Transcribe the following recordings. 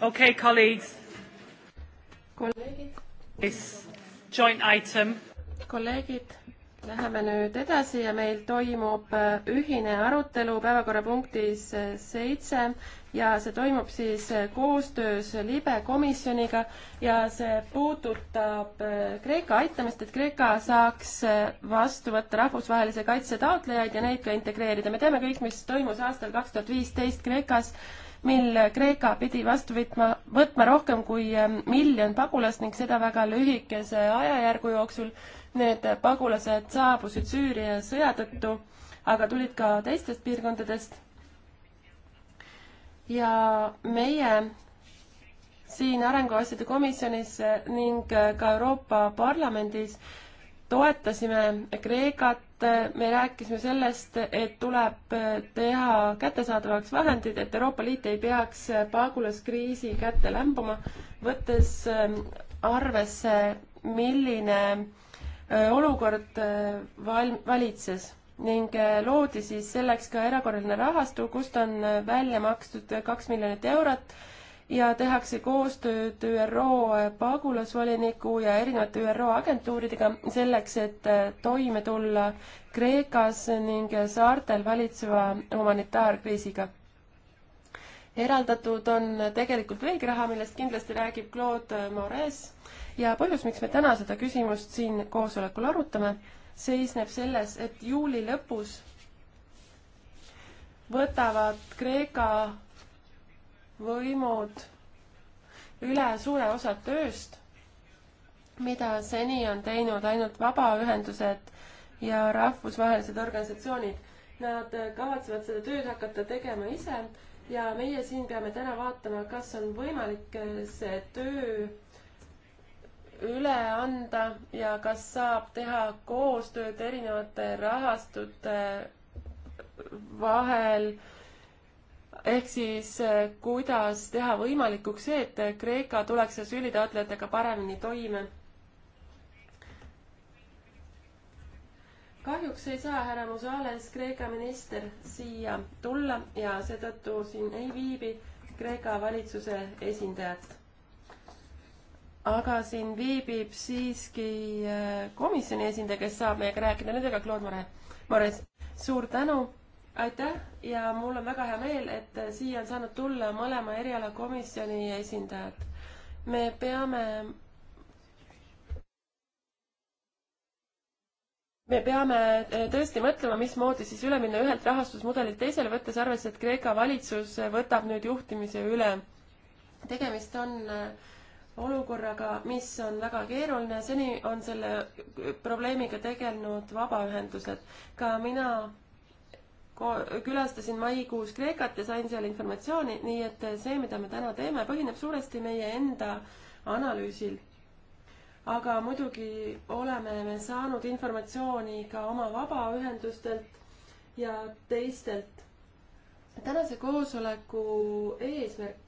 Okay, colleagues. kolleegid. This joint item. kolleegid, läheme nüüd edasi ja meil toimub äh, ühine arutelu päevakorrapunktis äh, seitse ja see toimub siis äh, koostöös libe komisjoniga ja see puudutab Kreeka aitamist, et Kreeka saaks vastu võtta rahvusvahelise kaitse taotlejaid ja neid ka integreerida. me teame kõik, mis toimus aastal kaks tuhat viisteist Kreekas mil Kreeka pidi vastu võtma, võtma rohkem kui ähm, miljon pagulast ning seda väga lühikese ajajärgu jooksul. Need pagulased saabusid Süüria sõja tõttu, aga tulid ka teistest piirkondadest. ja meie siin Arenguasjade Komisjonis ning ka Euroopa Parlamendis toetasime Kreekat me rääkisime sellest, et tuleb teha kättesaadavaks vahendid, et Euroopa Liit ei peaks pagulaskriisi kätte lämbuma, võttes ähm, arvesse, milline äh, olukord äh, val-, valitses ning äh, loodi siis selleks ka erakorraline rahastu, kust on välja makstud kaks miljonit eurot ja tehakse koostööd ÜRO pagulasvoliniku ja erinevate ÜRO agentuuridega selleks, et äh, toime tulla Kreekas ning saartel valitseva humanitaarkriisiga. eraldatud on tegelikult veelgi raha, millest kindlasti räägib Claude Mores ja põhjus, miks me täna seda küsimust siin koosolekul arutame, seisneb selles, et juuli lõpus võtavad Kreeka võimud üle suure osa tööst, mida seni on teinud ainult vabaühendused ja rahvusvahelised organisatsioonid. Nad kavatsevad seda tööd hakata tegema ise ja meie siin peame täna vaatama, kas on võimalik see töö üle anda ja kas saab teha koostööd erinevate rahastute vahel äh, ehk siis äh, kuidas teha võimalikuks see, et äh, Kreeka tuleks asüülitaotlejatega paremini toime. kahjuks ei saa härra Musales, Kreeka minister, siia tulla ja seetõttu siin ei viibi Kreeka valitsuse esindajat. aga siin viibib siiski äh, komisjoni esindaja, kes saab meiega rääkida, nendega Claude More, Mores, suur tänu aitäh ja mul on väga hea meel, et äh, siia on saanud tulla mõlema erialakomisjoni esindajad. me peame me peame äh, tõesti mõtlema, mismoodi siis üle minna ühelt rahastusmudelilt teisele, võttes arvesse, et Kreeka valitsus äh, võtab nüüd juhtimise üle. tegemist on olukorraga, mis on väga keeruline, seni on selle probleemiga tegelenud vabaühendused. ka mina külastasin maikuus Kreekat ja sain seal informatsiooni, nii et see, mida me täna teeme, põhineb suuresti meie enda analüüsil. aga muidugi oleme me saanud informatsiooni ka oma vabaühendustelt ja teistelt. tänase koosoleku eesmärk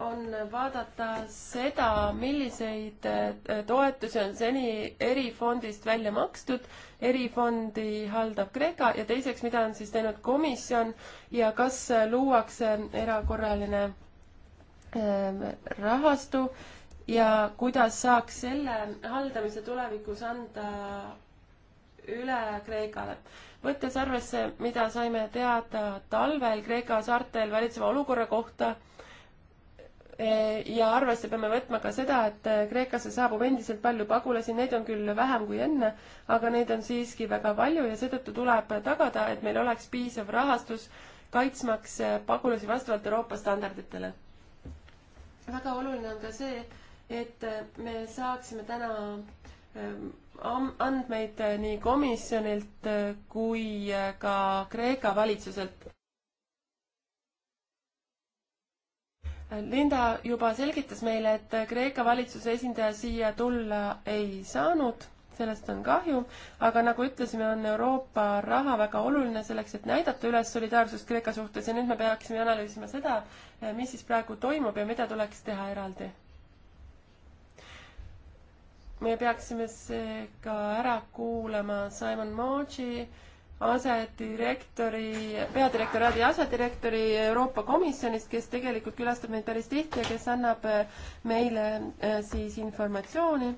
on vaadata seda, milliseid eh, toetusi on seni erifondist välja makstud, erifondi haldab Kreeka ja teiseks, mida on siis teinud komisjon ja kas luuakse erakorraline ehm, rahastu ja kuidas saaks selle haldamise tulevikus anda üle Kreekale. võttes arvesse, mida saime teada talvel Kreeka saartel valitseva olukorra kohta, Eh, ja arvesse peame võtma ka seda, et eh, Kreekasse saabub endiselt palju pagulasi, neid on küll vähem kui enne, aga neid on siiski väga palju ja seetõttu tuleb tagada, et meil oleks piisav rahastus kaitsmaks eh, pagulasi vastavalt Euroopa standarditele. väga oluline on ka see, et me saaksime täna andmeid nii komisjonilt kui ka Kreeka valitsuselt Linda juba selgitas meile, et Kreeka valitsuse esindaja siia tulla ei saanud, sellest on kahju, aga nagu ütlesime, on Euroopa raha väga oluline selleks, et näidata üles solidaarsust Kreeka suhtes ja nüüd me peaksime analüüsima seda, mis siis praegu toimub ja mida tuleks teha eraldi. me peaksime seega ära kuulama Simon Moji asedirektori, peadirektoraadi asedirektori Euroopa Komisjonist, kes tegelikult külastab meid päris tihti ja kes annab äh, meile äh, siis informatsiooni.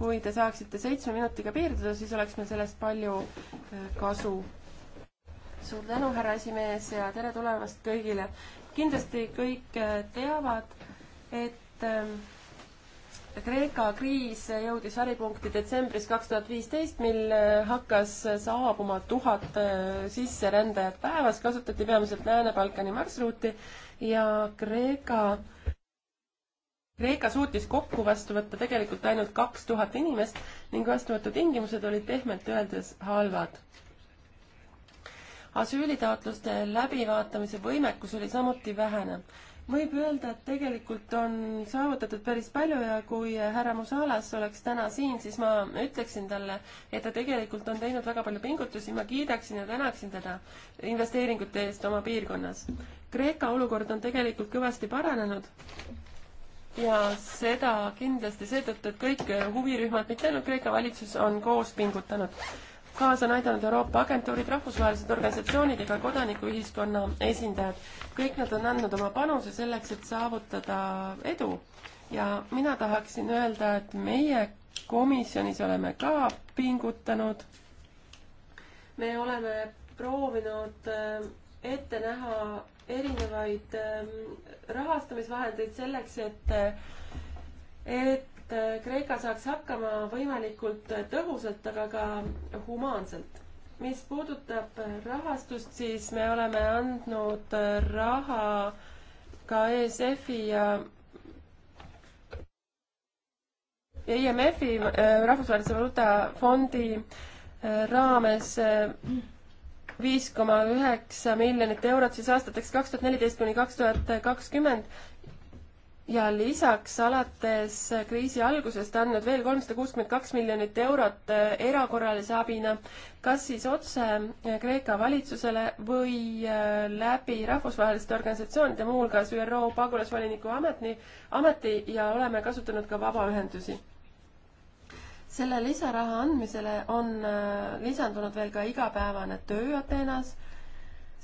kui te saaksite seitsme minutiga piirduda, siis oleks meil sellest palju äh, kasu. suur tänu, härra esimees ja tere tulemast kõigile. kindlasti kõik teavad, et ähm, Kreeka kriis jõudis varipunkti detsembris kaks tuhat viisteist, mil äh, hakkas äh, saabuma tuhat äh, sisserändajat päevas, kasutati peamiselt Lääne-Balkani marsruuti ja Kreeka, Kreeka suutis kokku vastu võtta tegelikult ainult kaks tuhat inimest ning vastuvõtutingimused olid pehmelt öeldes halvad asüülitaotluste läbivaatamise võimekus oli samuti vähene võib öelda, et tegelikult on saavutatud päris palju ja kui härra Musalas oleks täna siin, siis ma ütleksin talle, et ta tegelikult on teinud väga palju pingutusi, ma kiidaksin ja tänaksin teda investeeringute eest oma piirkonnas. Kreeka olukord on tegelikult kõvasti paranenud ja seda kindlasti seetõttu, et kõik huvirühmad, mitte ainult Kreeka valitsus, on koos pingutanud kaasa on aidanud Euroopa agentuurid, rahvusvahelised organisatsioonid ja ka kodanikuühiskonna esindajad. kõik nad on andnud oma panuse selleks, et saavutada edu. ja mina tahaksin öelda, et meie komisjonis oleme ka pingutanud. me oleme proovinud eh, ette näha erinevaid eh, rahastamisvahendeid selleks, et eh, et et äh, Kreeka saaks hakkama võimalikult tõhusalt, aga ka humaanselt. mis puudutab rahastust, siis me oleme andnud äh, raha ka ESF-i ja IMF-i, e äh, Rahvusvahelise Valuutafondi raames viis koma üheksa miljonit eurot siis aastateks kaks tuhat neliteist kuni kaks tuhat kakskümmend ja lisaks alates kriisi algusest andnud veel kolmsada kuuskümmend kaks miljonit eurot äh, erakorralise abina, kas siis otse äh, Kreeka valitsusele või äh, läbi rahvusvaheliste organisatsioonide, muuhulgas ÜRO pagulasvoliniku ametni, ameti ja oleme kasutanud ka vabaühendusi. selle lisaraha andmisele on lisandunud veel ka igapäevane töö Ateenas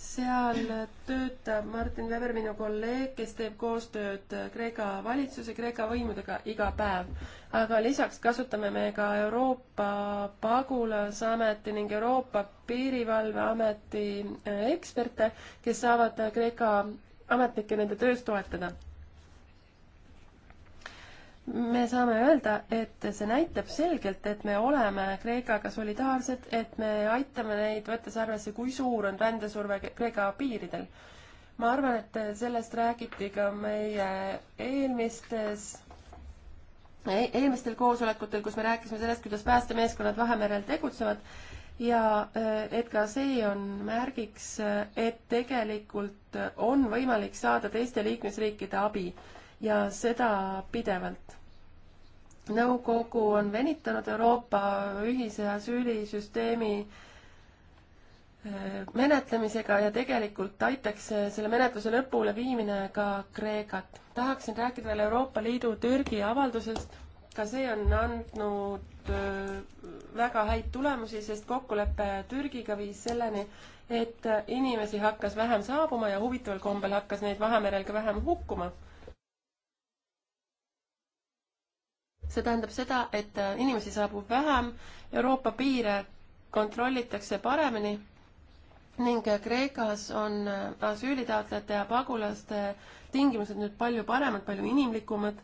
seal töötab Martin Weber, minu kolleeg, kes teeb koostööd Kreeka valitsuse, Kreeka võimudega iga päev. aga lisaks kasutame me ka Euroopa pagulasameti ning Euroopa piirivalveameti äh, eksperte, kes saavad Kreeka ametnikke nende töös toetada me saame öelda, et see näitab selgelt, et me oleme Kreekaga solidaarsed, et me aitame neid, võttes arvesse, kui suur on rändesurve Kreeka piiridel. ma arvan, et sellest räägiti ka meie eelmistes e-, eelmistel koosolekutel, kus me rääkisime sellest, kuidas päästemeeskonnad Vahemerel tegutsevad ja e, et ka see on märgiks, et tegelikult on võimalik saada teiste liikmesriikide abi ja seda pidevalt nõukogu on venitanud Euroopa ühise asüülisüsteemi eh, menetlemisega ja tegelikult aitaks selle menetluse lõpule viimine ka Kreekat. tahaksin rääkida veel Euroopa Liidu Türgi avaldusest. ka see on andnud eh, väga häid tulemusi, sest kokkulepe Türgiga viis selleni, et inimesi hakkas vähem saabuma ja huvitaval kombel hakkas neid Vahemerel ka vähem hukkuma see tähendab seda, et äh, inimesi saabub vähem, Euroopa piire kontrollitakse paremini ning äh, Kreekas on äh, asüülitaotlejate ja pagulaste tingimused nüüd palju paremad, palju inimlikumad,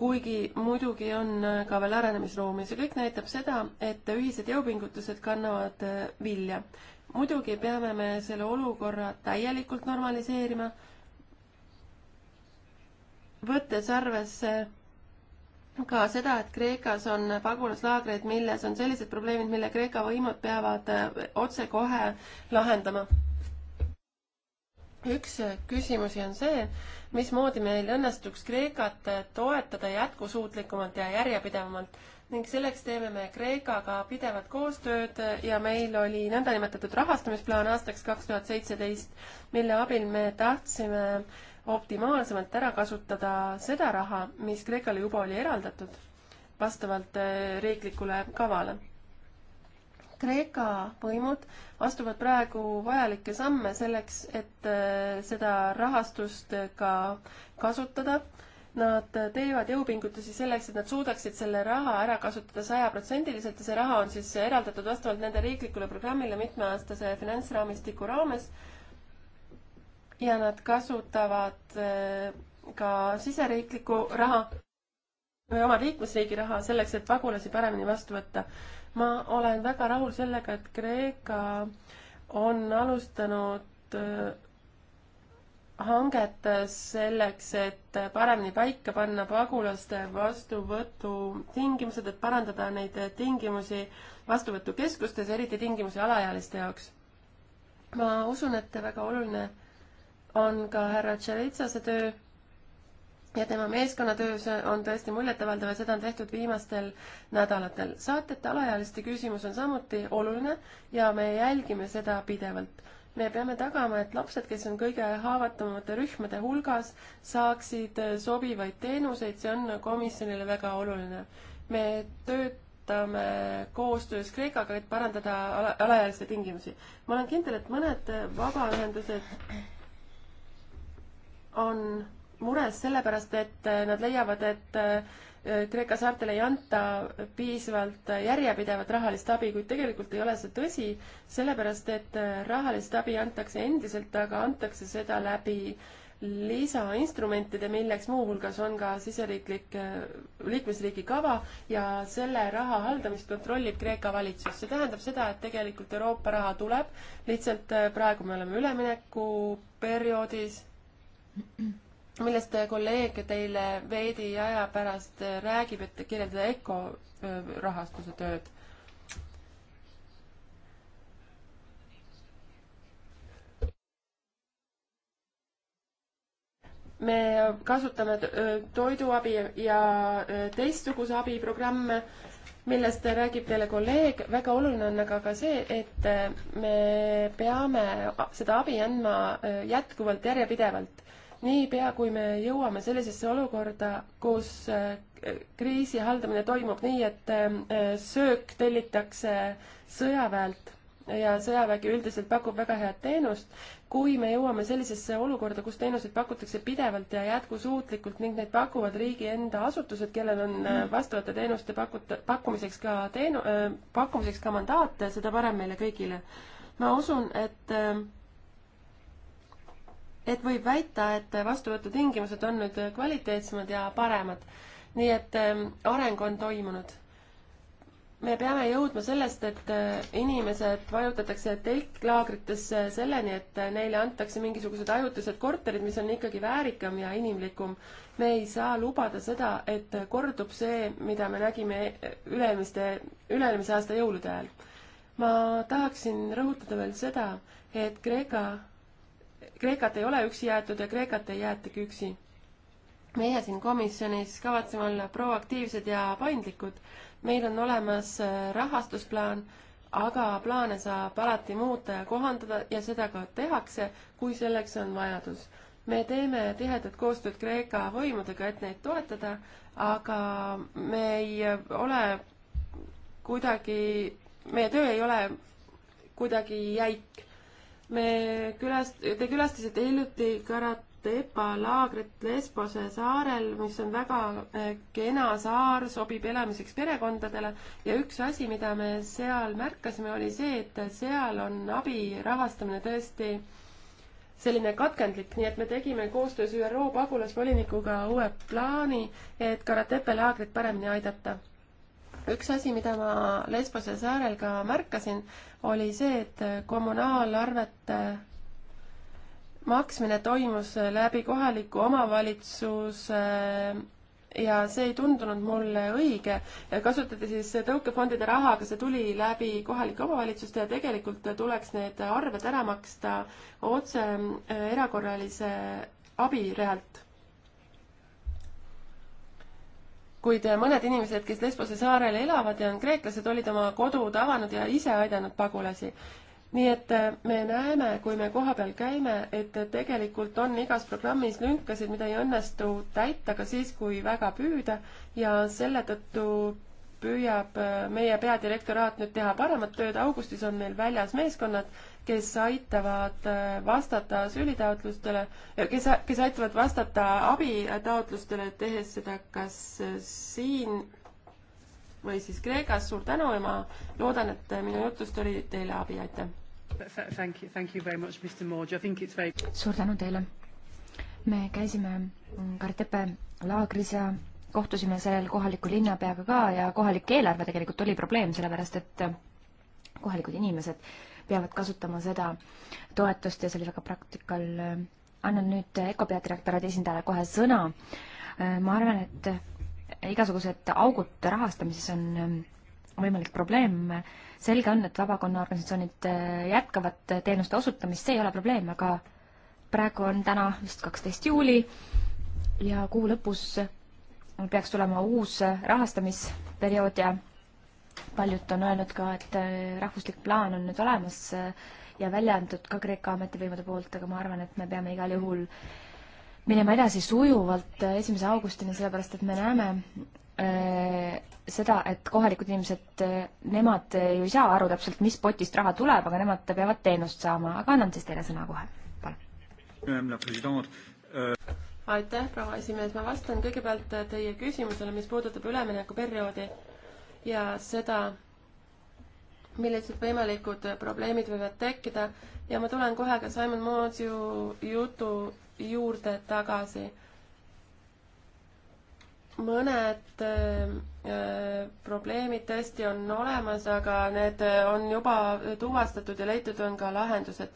kuigi muidugi on ka veel arenemisruumi. see kõik näitab seda, et ühised jõupingutused kannavad vilja. muidugi peame me selle olukorra täielikult normaliseerima, võttes arvesse ka seda, et Kreekas on pagulaslaagreid, milles on sellised probleemid, mille Kreeka võimud peavad äh, otsekohe lahendama. üks küsimusi on see, mismoodi meil õnnestuks Kreekat äh, toetada jätkusuutlikumalt ja järjepidevamalt ning selleks teeme me Kreekaga pidevat koostööd äh, ja meil oli nõndanimetatud rahastamisplaan aastaks kaks tuhat seitseteist, mille abil me tahtsime äh, optimaalsemalt ära kasutada seda raha, mis Kreekale juba oli eraldatud vastavalt äh, riiklikule kavale. Kreeka võimud astuvad praegu vajalikke samme selleks, et äh, seda rahastust äh, ka kasutada. Nad teevad jõupingutusi selleks, et nad suudaksid selle raha ära kasutada sajaprotsendiliselt ja see raha on siis eraldatud vastavalt nende riiklikule programmile mitmeaastase finantsraamistiku raames ja nad kasutavad äh, ka siseriiklikku raha või oma liikmesriigi raha selleks, et pagulasi paremini vastu võtta. ma olen väga rahul sellega, et Kreeka on alustanud äh, hanget selleks, et paremini paika panna pagulaste vastuvõtu tingimused, et parandada neid tingimusi vastuvõtukeskustes, eriti tingimusi alaealiste jaoks. ma usun, et väga oluline on ka härra Tšelitsase töö ja tema meeskonnatöös on tõesti muljetavaldav ja seda on tehtud viimastel nädalatel. saatjate alaealiste küsimus on samuti oluline ja me jälgime seda pidevalt. me peame tagama, et lapsed, kes on kõige haavatavamate rühmade hulgas, saaksid sobivaid teenuseid, see on komisjonile väga oluline. me töötame koostöös Kreekaga, et parandada alaealiste tingimusi. ma olen kindel, et mõned vabaühendused on mures sellepärast, et äh, nad leiavad, et äh, Kreeka saartele ei anta piisavalt järjepidevat rahalist abi, kuid tegelikult ei ole see tõsi, sellepärast et äh, rahalist abi antakse endiselt, aga antakse seda läbi lisainstrumentide, milleks muuhulgas on ka siseriiklik, liikmesriigi kava ja selle raha haldamist kontrollib Kreeka valitsus. see tähendab seda, et tegelikult Euroopa raha tuleb, lihtsalt praegu me oleme üleminekuperioodis millest kolleeg teile veidi aja pärast räägib, et kirjeldada EKO rahastuse tööd. me kasutame toiduabi ja teistsuguse abiprogramme, millest räägib teile kolleeg, väga oluline on aga ka see, et me peame seda abi andma jätkuvalt, järjepidevalt niipea, kui me jõuame sellisesse olukorda, kus äh, kriisi haldamine toimub nii, et äh, söök tellitakse sõjaväelt ja sõjavägi üldiselt pakub väga head teenust, kui me jõuame sellisesse olukorda, kus teenuseid pakutakse pidevalt ja jätkusuutlikult ning neid pakuvad riigi enda asutused, kellel on äh, vastavate teenuste pakut-, pakkumiseks ka teenu-, pakkumiseks ka mandaat, seda parem meile kõigile. ma usun, et äh, et võib väita, et vastuvõtutingimused on nüüd kvaliteetsemad ja paremad. nii et ähm, areng on toimunud. me peame jõudma sellest, et äh, inimesed vajutatakse telklaagritesse selleni, et neile antakse mingisugused ajutised korterid, mis on ikkagi väärikam ja inimlikum. me ei saa lubada seda, et kordub see, mida me nägime üle-eelmiste, üle-eelmise aasta jõulude ajal. ma tahaksin rõhutada veel seda, et Kreeka Kreekat ei ole üksi jäetud ja Kreekat ei jäetagi üksi. meie siin komisjonis kavatseme olla proaktiivsed ja paindlikud. meil on olemas äh, rahastusplaan, aga plaane saab alati muuta ja kohandada ja seda ka tehakse, kui selleks on vajadus. me teeme tihedat koostööd Kreeka võimudega, et neid toetada, aga me ei äh, ole kuidagi, meie töö ei ole kuidagi jäik me külast-, te külastasite hiljuti Karatepa laagrit Lesbose saarel, mis on väga eh, kena saar, sobib elamiseks perekondadele ja üks asi, mida me seal märkasime, oli see, et seal on abi rahastamine tõesti selline katkendlik, nii et me tegime koostöös ÜRO pagulasvolinikuga uue plaani, et Karatepe laagrit paremini aidata üks asi, mida ma Lesbose saarel ka märkasin, oli see, et kommunaalarvete maksmine toimus läbi kohaliku omavalitsuse ja see ei tundunud mulle õige. kasutati siis tõukefondide raha, aga see tuli läbi kohalike omavalitsuste ja tegelikult tuleks need arved ära maksta otse erakorralise abi realt. kuid mõned inimesed, kes Lesbose saarel elavad ja on kreeklased, olid oma kodud avanud ja ise aidanud pagulasi. nii et äh, me näeme, kui me kohapeal käime, et tegelikult on igas programmis lünkasid, mida ei õnnestu täita ka siis, kui väga püüda ja selle tõttu püüab äh, meie peadirektoraat nüüd teha paremat tööd, augustis on meil väljas meeskonnad kes aitavad äh, vastata asüülitaotlustele, äh, kes, kes aitavad vastata abitaotlustele, tehes seda kas äh, siin või siis Kreekas. suur tänu ja ma loodan, et minu jutust oli teile abi, aitäh! Very... suur tänu teile! me käisime Kartepe laagris ja kohtusime sellel kohaliku linnapeaga ka ja kohalik eelarve tegelikult oli probleem, sellepärast et kohalikud inimesed peavad kasutama seda toetust ja see oli väga praktikal. annan nüüd EKO peadirektoraadi esindajale kohe sõna. ma arvan, et igasugused augud rahastamises on võimalik probleem. selge on, et vabakonnaorganisatsioonid jätkavad teenuste osutamist, see ei ole probleem, aga praegu on täna vist kaksteist juuli ja kuu lõpus peaks tulema uus rahastamisperiood ja paljud on öelnud ka, et äh, rahvuslik plaan on nüüd olemas äh, ja välja antud ka Kreeka ametivõimude poolt, aga ma arvan, et me peame igal juhul minema edasi sujuvalt äh, esimese augustini, sellepärast et me näeme äh, seda, et kohalikud inimesed, nemad ju ei saa aru täpselt, mis potist raha tuleb, aga nemad peavad teenust saama, aga annan siis teile sõna kohe, palun. aitäh, proua esimees, ma vastan kõigepealt teie küsimusele, mis puudutab üleminekuperioodi ja seda, millised võimalikud probleemid võivad tekkida ja ma tulen kohe ka Simon Moosiu jutu juurde tagasi. mõned äh, probleemid tõesti on olemas, aga need on juba tuvastatud ja leitud on ka lahendused.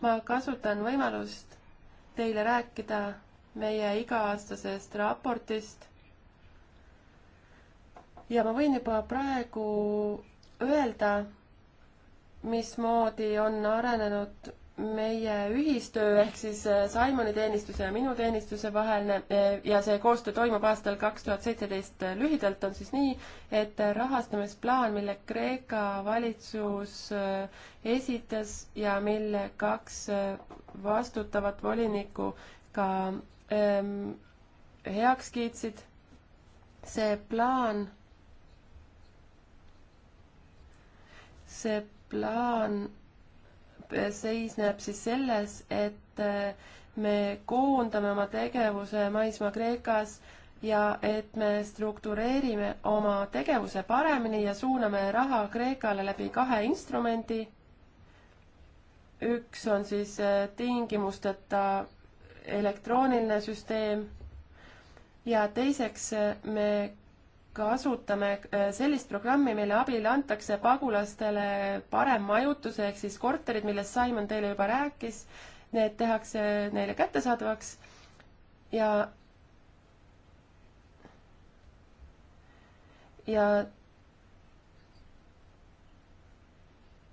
ma kasutan võimalust teile rääkida meie iga-aastasest raportist ja ma võin juba praegu öelda, mismoodi on arenenud meie ühistöö ehk siis äh, Simoni teenistuse ja minu teenistuse vaheline äh, ja see koostöö toimub aastal kaks tuhat seitseteist. Äh, lühidalt on siis nii, et rahastamisplaan, mille Kreeka valitsus esitas ja mille kaks vastutavat volinikku ka ähm, heaks kiitsid, see plaan see plaan seisneb siis selles, et äh, me koondame oma tegevuse maismaa Kreekas ja et me struktureerime oma tegevuse paremini ja suuname raha Kreekale läbi kahe instrumendi. üks on siis äh, tingimusteta elektrooniline süsteem ja teiseks äh, me kasutame äh, sellist programmi, mille abil antakse pagulastele parem majutus, ehk siis korterid, millest Simon teile juba rääkis, need tehakse neile kättesaadavaks ja ja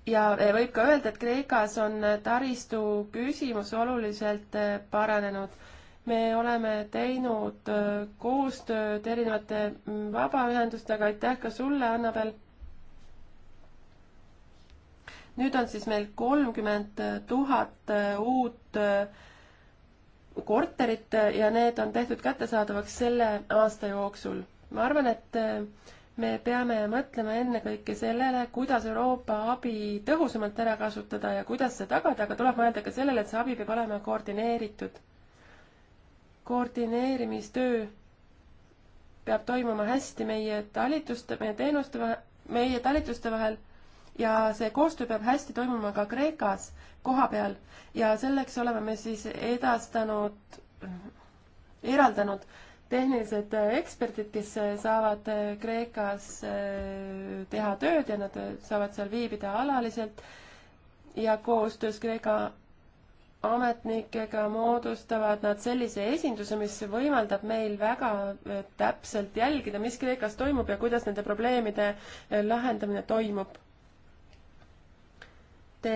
ja võib ka öelda, et Kreekas on taristu küsimus oluliselt äh, paranenud me oleme teinud äh, koostööd erinevate mm, vabaühendustega, aitäh ka sulle, Annabel. nüüd on siis meil kolmkümmend tuhat äh, uut äh, korterit ja need on tehtud kättesaadavaks selle aasta jooksul. ma arvan, et me peame mõtlema ennekõike sellele, kuidas Euroopa abi tõhusamalt ära kasutada ja kuidas see tagada, aga tuleb mõelda ka sellele, et see abi peab olema koordineeritud koordineerimistöö peab toimuma hästi meie talituste, meie teenuste, meie talituste vahel ja see koostöö peab hästi toimuma ka Kreekas koha peal ja selleks oleme me siis edastanud, eraldanud tehnilised eksperdid, kes saavad Kreekas äh, teha tööd ja nad saavad seal viibida alaliselt ja koostöös Kreeka ametnikega moodustavad nad sellise esinduse, mis võimaldab meil väga eh, täpselt jälgida, mis Kreekas toimub ja kuidas nende probleemide eh, lahendamine toimub. Te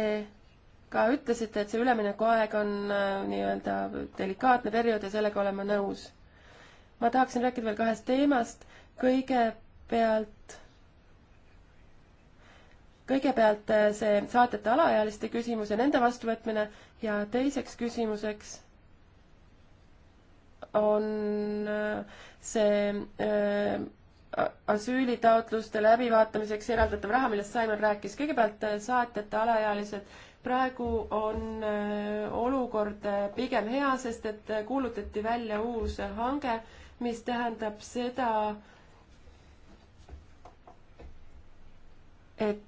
ka ütlesite, et see üleminekuaeg on eh, nii-öelda delikaatne periood ja sellega olen ma nõus. ma tahaksin rääkida veel kahest teemast. kõigepealt kõigepealt äh, see saatjate alaealiste küsimus ja nende vastuvõtmine ja teiseks küsimuseks on äh, see äh, asüülitaotluste läbivaatamiseks eraldatav raha, millest Simon rääkis. kõigepealt äh, saatjate alaealised. praegu on olukord pigem hea, sest et kuulutati välja uus hange, mis tähendab seda, et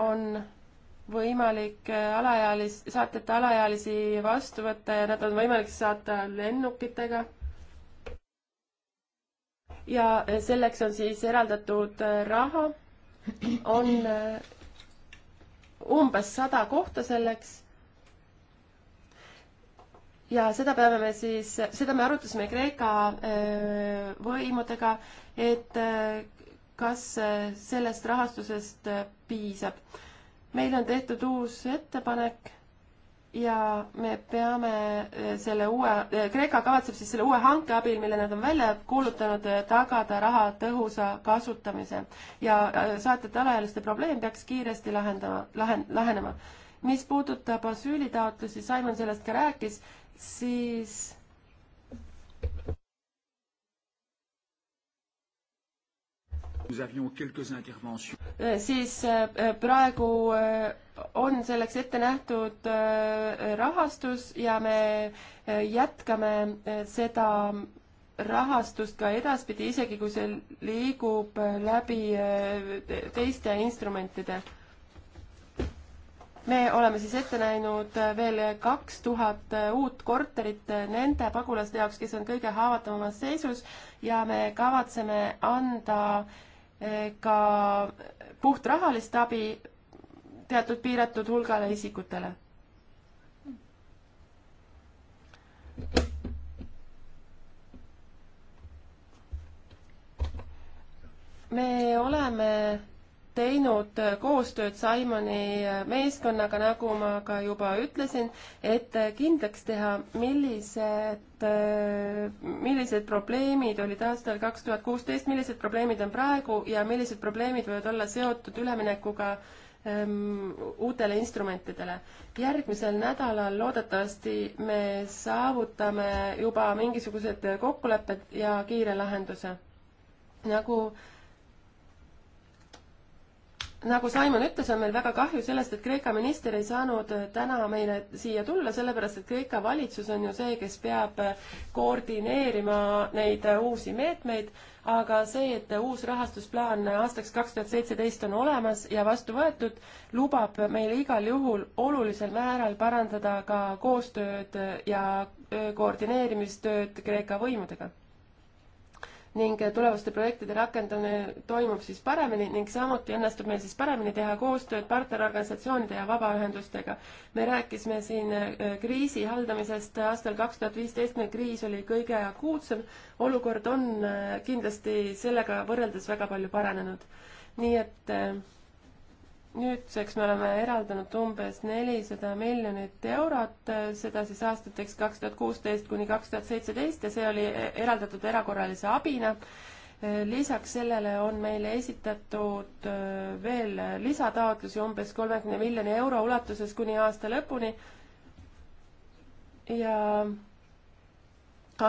on võimalik äh, alaealis, saatjate alaealisi vastu võtta ja nad on võimalik saata lennukitega. ja äh, selleks on siis eraldatud äh, raha, on umbes sada kohta selleks. ja seda peame me siis, seda me arutasime Kreeka võimudega, et kas äh, sellest rahastusest äh, piisab. meil on tehtud uus ettepanek ja me peame äh, selle uue, Kreeka kavatseb siis selle uue hanke abil, mille nad on välja kuulutanud, tagada raha tõhusa kasutamise ja saatjate alaealiste probleem peaks kiiresti lahendama, lahen-, lahenema. mis puudutab asüülitaotlusi, Simon sellest ka rääkis, siis Äh, siis äh, äh, praegu on selleks ette nähtud rahastus ja me jätkame seda rahastust ka edaspidi, isegi kui see liigub läbi teiste instrumentide. me oleme siis ette näinud veel kaks tuhat uut korterit nende pagulaste jaoks, kes on kõige haavatavamas seisus ja me kavatseme anda äh, ka puhtrahalist abi teatud piiratud hulgale isikutele. me oleme teinud koostööd Simoni meeskonnaga, nagu ma ka juba ütlesin, et kindlaks teha, millised, millised probleemid olid aastal kaks tuhat kuusteist, millised probleemid on praegu ja millised probleemid võivad olla seotud üleminekuga ähm, uutele instrumentidele. järgmisel nädalal loodetavasti me saavutame juba mingisugused kokkulepped ja kiire lahenduse. nagu äh, nagu Simon ütles, on meil väga kahju sellest, et Kreeka minister ei saanud äh, täna meile siia tulla, sellepärast et Kreeka valitsus on ju see, kes peab äh, koordineerima neid äh, uusi meetmeid, aga see, et uus rahastusplaan aastaks kaks tuhat seitseteist on olemas ja vastu võetud, lubab meil igal juhul olulisel määral parandada ka koostööd ja koordineerimistööd Kreeka võimudega ning tulevaste projektide rakendamine toimub siis paremini ning samuti õnnestub meil siis paremini teha koostööd partnerorganisatsioonide ja vabaühendustega. me rääkisime siin äh, kriisi haldamisest aastal kaks tuhat viisteist, meil kriis oli kõige akuutsem, olukord on äh, kindlasti sellega võrreldes väga palju paranenud. nii et äh, nüüdseks me oleme eraldanud umbes nelisada miljonit eurot, seda siis aastateks kaks tuhat kuusteist kuni kaks tuhat seitseteist ja see oli e-, eraldatud erakorralise abina. lisaks sellele on meile esitatud äh, veel lisataotlusi umbes kolmekümne miljoni euro ulatuses kuni aasta lõpuni. ja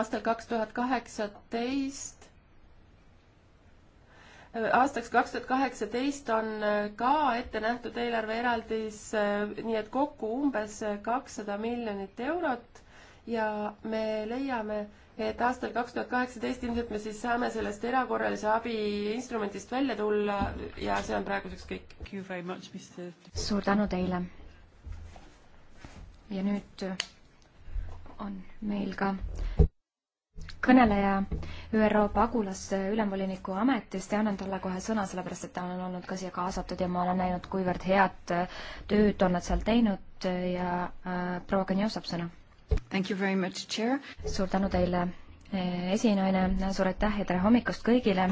aastal kaks tuhat kaheksateist aastaks kaks tuhat kaheksateist on äh, ka ette nähtud eelarveeraldis, äh, nii et kokku umbes äh, kakssada miljonit eurot ja me leiame, et aastal kaks tuhat kaheksateist ilmselt me siis saame sellest erakorralise abi instrumendist välja tulla ja see on praeguseks kõik. suur tänu teile. ja nüüd on meil ka kõneleja ÜRO pagulasse ülemvoliniku ametist ja annan talle kohe sõna, sellepärast et ta on olnud ka siia kaasatud ja ma olen näinud, kuivõrd head tööd on nad seal teinud ja äh, proua Kanjov saab sõna. suur tänu teile, äh, esinaine, suur aitäh ja tere hommikust kõigile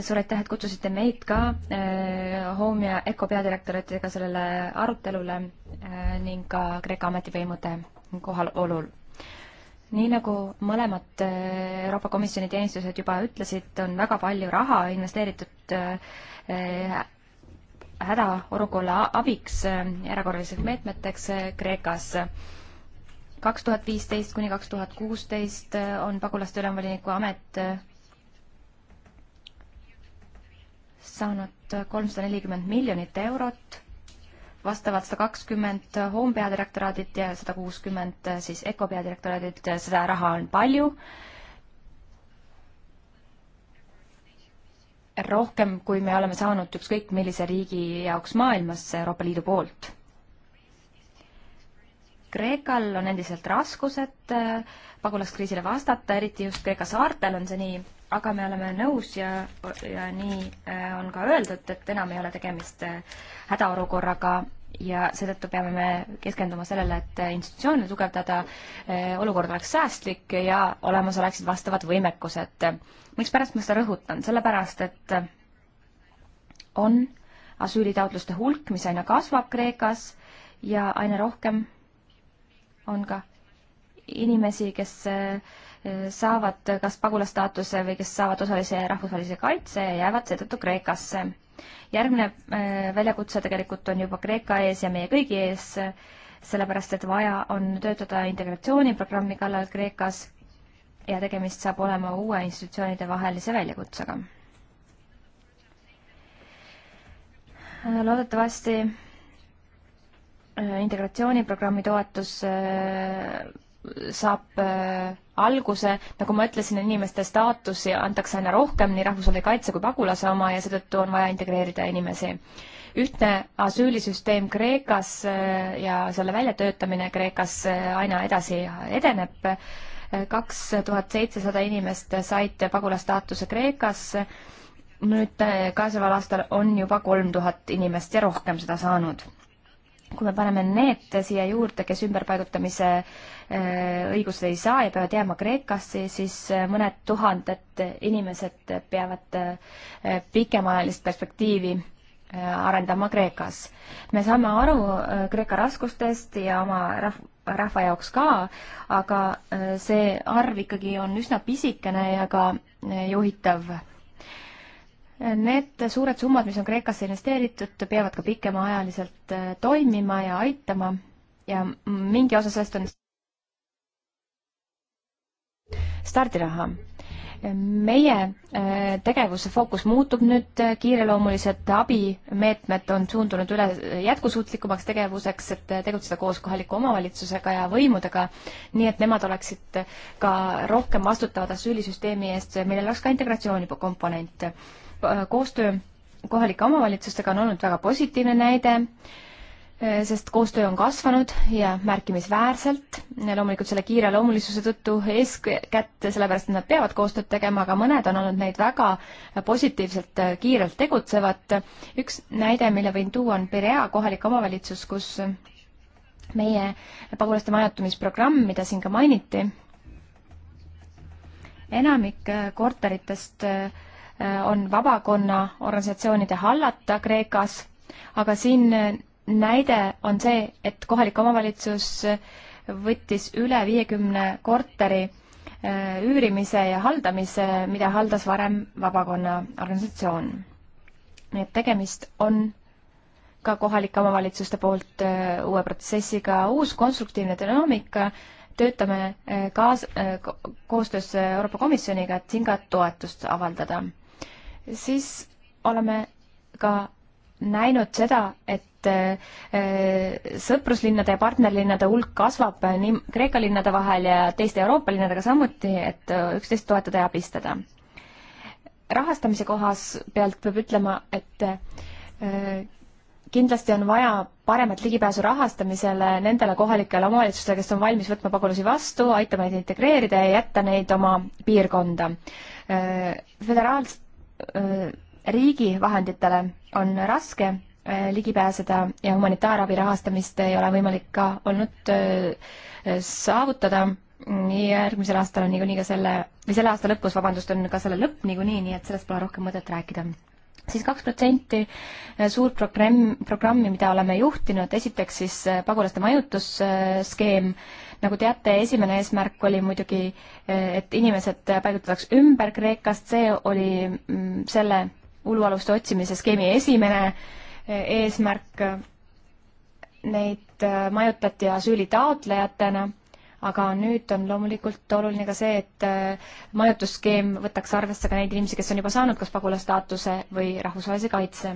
suur aitäh, et kutsusite meid ka äh, Home ja Eco peadirektoritega sellele arutelule äh, ning ka Kreeka ametivõimude kohalolul nii nagu mõlemad äh, Euroopa Komisjoni teenistused juba ütlesid, on väga palju raha investeeritud äh, hädaolukorra abiks äh, erakorraliseks meetmeteks Kreekas. kaks tuhat viisteist kuni kaks tuhat kuusteist on pagulaste ülemvoliniku amet saanud kolmsada nelikümmend miljonit eurot vastavalt sada kakskümmend Home peadirektoraadit ja sada kuuskümmend siis ECO peadirektoraadit, seda raha on palju. rohkem, kui me oleme saanud ükskõik millise riigi jaoks maailmas Euroopa Liidu poolt. Kreekal on endiselt raskused äh, pagulaskriisile vastata, eriti just Kreeka saartel on see nii aga me oleme nõus ja, ja nii äh, on ka öeldud, et enam ei ole tegemist äh, hädaolukorraga ja seetõttu peame me keskenduma sellele, et äh, institutsioone tugevdada, olukord oleks säästlik ja olemas oleksid vastavad võimekused. mikspärast ma seda rõhutan, sellepärast et on asüülitaotluste hulk, mis aina kasvab Kreekas ja aina rohkem on ka inimesi, kes äh, saavad kas pagulastaatuse või kes saavad osalise rahvusvahelise kaitse ja jäävad seetõttu Kreekasse. järgmine äh, väljakutse tegelikult on juba Kreeka ees ja meie kõigi ees, sellepärast et vaja on töötada integratsiooniprogrammi kallal Kreekas ja tegemist saab olema uue institutsioonide vahelise väljakutsega. Äh, loodetavasti äh, integratsiooniprogrammi toetus saab äh, alguse, nagu ma ütlesin, inimeste staatusi antakse aina rohkem, nii rahvusvaheline kaitse kui pagulase oma ja seetõttu on vaja integreerida inimesi. ühtne asüülisüsteem Kreekas äh, ja selle väljatöötamine Kreekas äh, aina edasi edeneb. kaks tuhat seitsesada inimest said pagulastaatuse Kreekas. nüüd käesoleval aastal on juba kolm tuhat inimest ja rohkem seda saanud kui me paneme need siia juurde, kes ümberpaigutamise äh, õigust ei saa ja peavad jääma Kreekasse, siis äh, mõned tuhanded inimesed peavad äh, pikemaajalist perspektiivi arendama Kreekas. me saame aru Kreeka raskustest ja oma rahv-, rahva jaoks ka, aga see arv ikkagi on üsna pisikene ja ka juhitav Need suured summad, mis on Kreekasse investeeritud, peavad ka pikemaajaliselt äh, toimima ja aitama ja mingi osa sellest on stardiraha. meie äh, tegevuse fookus muutub nüüd, äh, kiireloomulised abimeetmed on suundunud üle jätkusuutlikumaks tegevuseks, et tegutseda koos kohaliku omavalitsusega ja võimudega, nii et nemad oleksid ka rohkem vastutavad asüülisüsteemi eest, millel oleks ka integratsiooni komponent Äh, koostöö kohalike omavalitsustega on olnud väga positiivne näide, äh, sest koostöö on kasvanud ja märkimisväärselt. loomulikult selle kiireloomulisuse tõttu eeskätt, sellepärast et nad peavad koostööd tegema, aga mõned on olnud neid väga positiivselt äh, kiirelt tegutsevad. üks näide, mille võin tuua, on Perea kohalik omavalitsus, kus meie pagulaste majutamisprogramm, mida siin ka mainiti, enamik korteritest äh, Äh, on vabakonna organisatsioonide hallata Kreekas, aga siin äh, näide on see, et kohalik omavalitsus äh, võttis üle viiekümne korteri üürimise ja haldamise, mida haldas varem vabakonna organisatsioon. nii et tegemist on ka kohalike omavalitsuste poolt uue protsessiga, uus konstruktiivne dünaamika, töötame kaas-, koostöös Euroopa Komisjoniga, et siin ka toetust avaldada siis oleme ka näinud seda, et äh, sõpruslinnade ja partnerlinnade hulk kasvab nii Kreeka linnade vahel ja teiste Euroopa linnadega samuti, et äh, üksteist toetada ja abistada. rahastamise kohas pealt peab ütlema, et äh, kindlasti on vaja paremat ligipääsu rahastamisele nendele kohalikele omavalitsustele, kes on valmis võtma pagulasi vastu, aitama neid integreerida ja jätta neid oma piirkonda. Föderaals-, Äh, riigi vahenditele on raske äh, ligi pääseda ja humanitaarabi rahastamist ei ole võimalik ka olnud äh, saavutada. järgmisel aastal on niikuinii ka selle, või selle aasta lõpus, vabandust, on ka selle lõpp niikuinii, nii et sellest pole rohkem mõtet rääkida siis kaks protsenti suurt programm, programmi, mida oleme juhtinud, esiteks siis pagulaste majutusskeem äh,, nagu teate, esimene eesmärk oli muidugi, et inimesed paigutataks ümber Kreekast, see oli mm, selle ulualuste otsimise skeemi esimene e, eesmärk. Neid e, majutati asüülitaotlejatena, aga nüüd on loomulikult oluline ka see, et e, majutusskeem võtaks arvesse ka neid inimesi, kes on juba saanud kas pagulasstaatuse või rahvusvahelise kaitse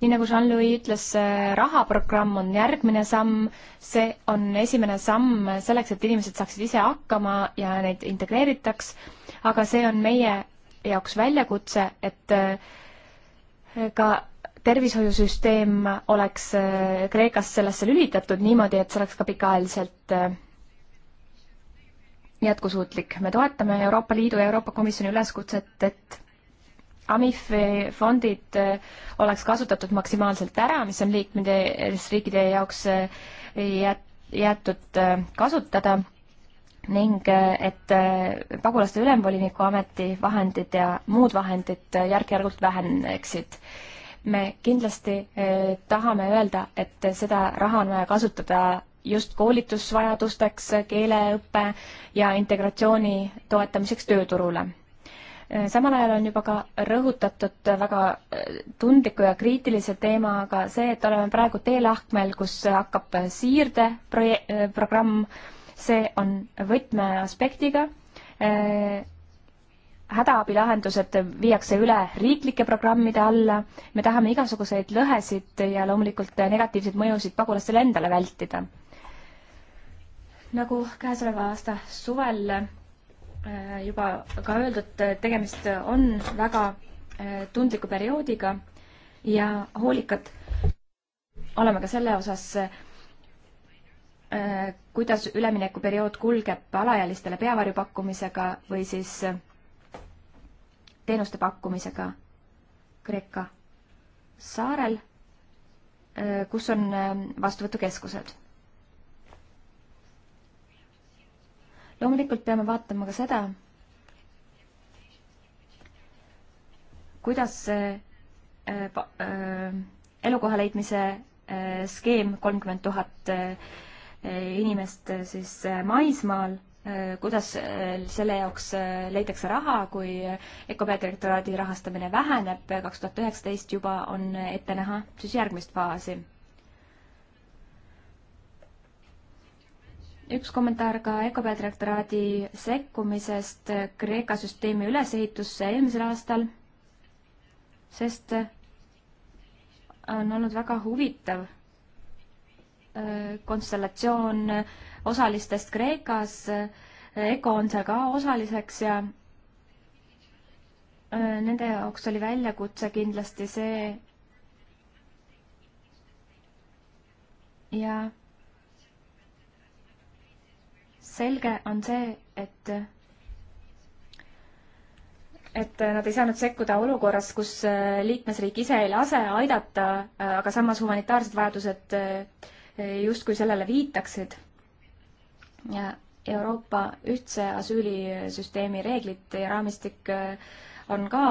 nii nagu Jean-Louis ütles, rahaprogramm on järgmine samm, see on esimene samm selleks, et inimesed saaksid ise hakkama ja neid integreeritaks, aga see on meie jaoks väljakutse, et äh, ka tervishoiusüsteem oleks äh, Kreekas sellesse lülitatud niimoodi, et see oleks ka pikaajaliselt äh, jätkusuutlik. me toetame Euroopa Liidu ja Euroopa Komisjoni üleskutset, et AMIF-i fondid eh, oleks kasutatud maksimaalselt ära, mis on liikmesriikide jaoks eh, jäetud eh, kasutada ning et pagulaste ülemvoliniku ameti vahendid ja muud vahendid järk-järgult väheneksid. me kindlasti tahame öelda, et seda raha on vaja kasutada just koolitusvajadusteks, keeleõppe ja integratsiooni toetamiseks tööturule Äh, samal ajal on juba ka rõhutatud väga äh, tundliku ja kriitilise teemaga see, et oleme praegu teelahkmel, kus hakkab siirde äh, programm, see on võtmeaspektiga. hädaabilahendused viiakse üle riiklike programmide alla, me tahame igasuguseid lõhesid ja loomulikult negatiivseid mõjusid pagulastele endale vältida. nagu käesoleva aasta suvel Äh, juba ka öeldud, äh, tegemist äh, on väga tundliku perioodiga ja hoolikad oleme ka selle osas, kuidas üleminekuperiood kulgeb alaealistele peavarju pakkumisega või siis teenuste pakkumisega Kreeka saarel, kus on vastuvõtukeskused loomulikult peame vaatama ka seda, kuidas see äh, äh, elukoha leidmise äh, skeem kolmkümmend tuhat inimest siis maismaal, kuidas selle jaoks leitakse raha, kui ökopeadirektoraadi rahastamine väheneb, kaks tuhat üheksateist juba on ette näha siis järgmist faasi üks kommentaar ka EKP direktoraadi sekkumisest Kreeka süsteemi ülesehitusse eelmisel aastal, sest on olnud väga huvitav äh, konstellatsioon osalistest Kreekas, EKO on seal ka osaliseks ja äh, nende jaoks oli väljakutse kindlasti see ja selge on see, et et nad ei saanud sekkuda olukorras, kus äh, liikmesriik ise ei lase aidata, äh, aga samas humanitaarsed vajadused äh, justkui sellele viitaksid. ja Euroopa ühtse asüülisüsteemi reeglid ja raamistik on ka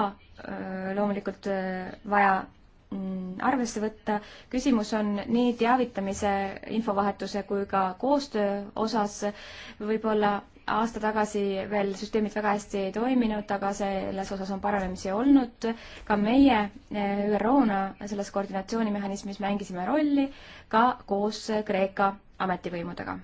loomulikult vaja Mm, arvesse võtta. küsimus on nii teavitamise, infovahetuse kui ka koostöö osas. võib-olla aasta tagasi veel süsteemid väga hästi ei toiminud, aga selles osas on paranemisi olnud. ka meie eh, ÜRO-na selles koordinatsioonimehhanismis mängisime rolli ka koos Kreeka ametivõimudega.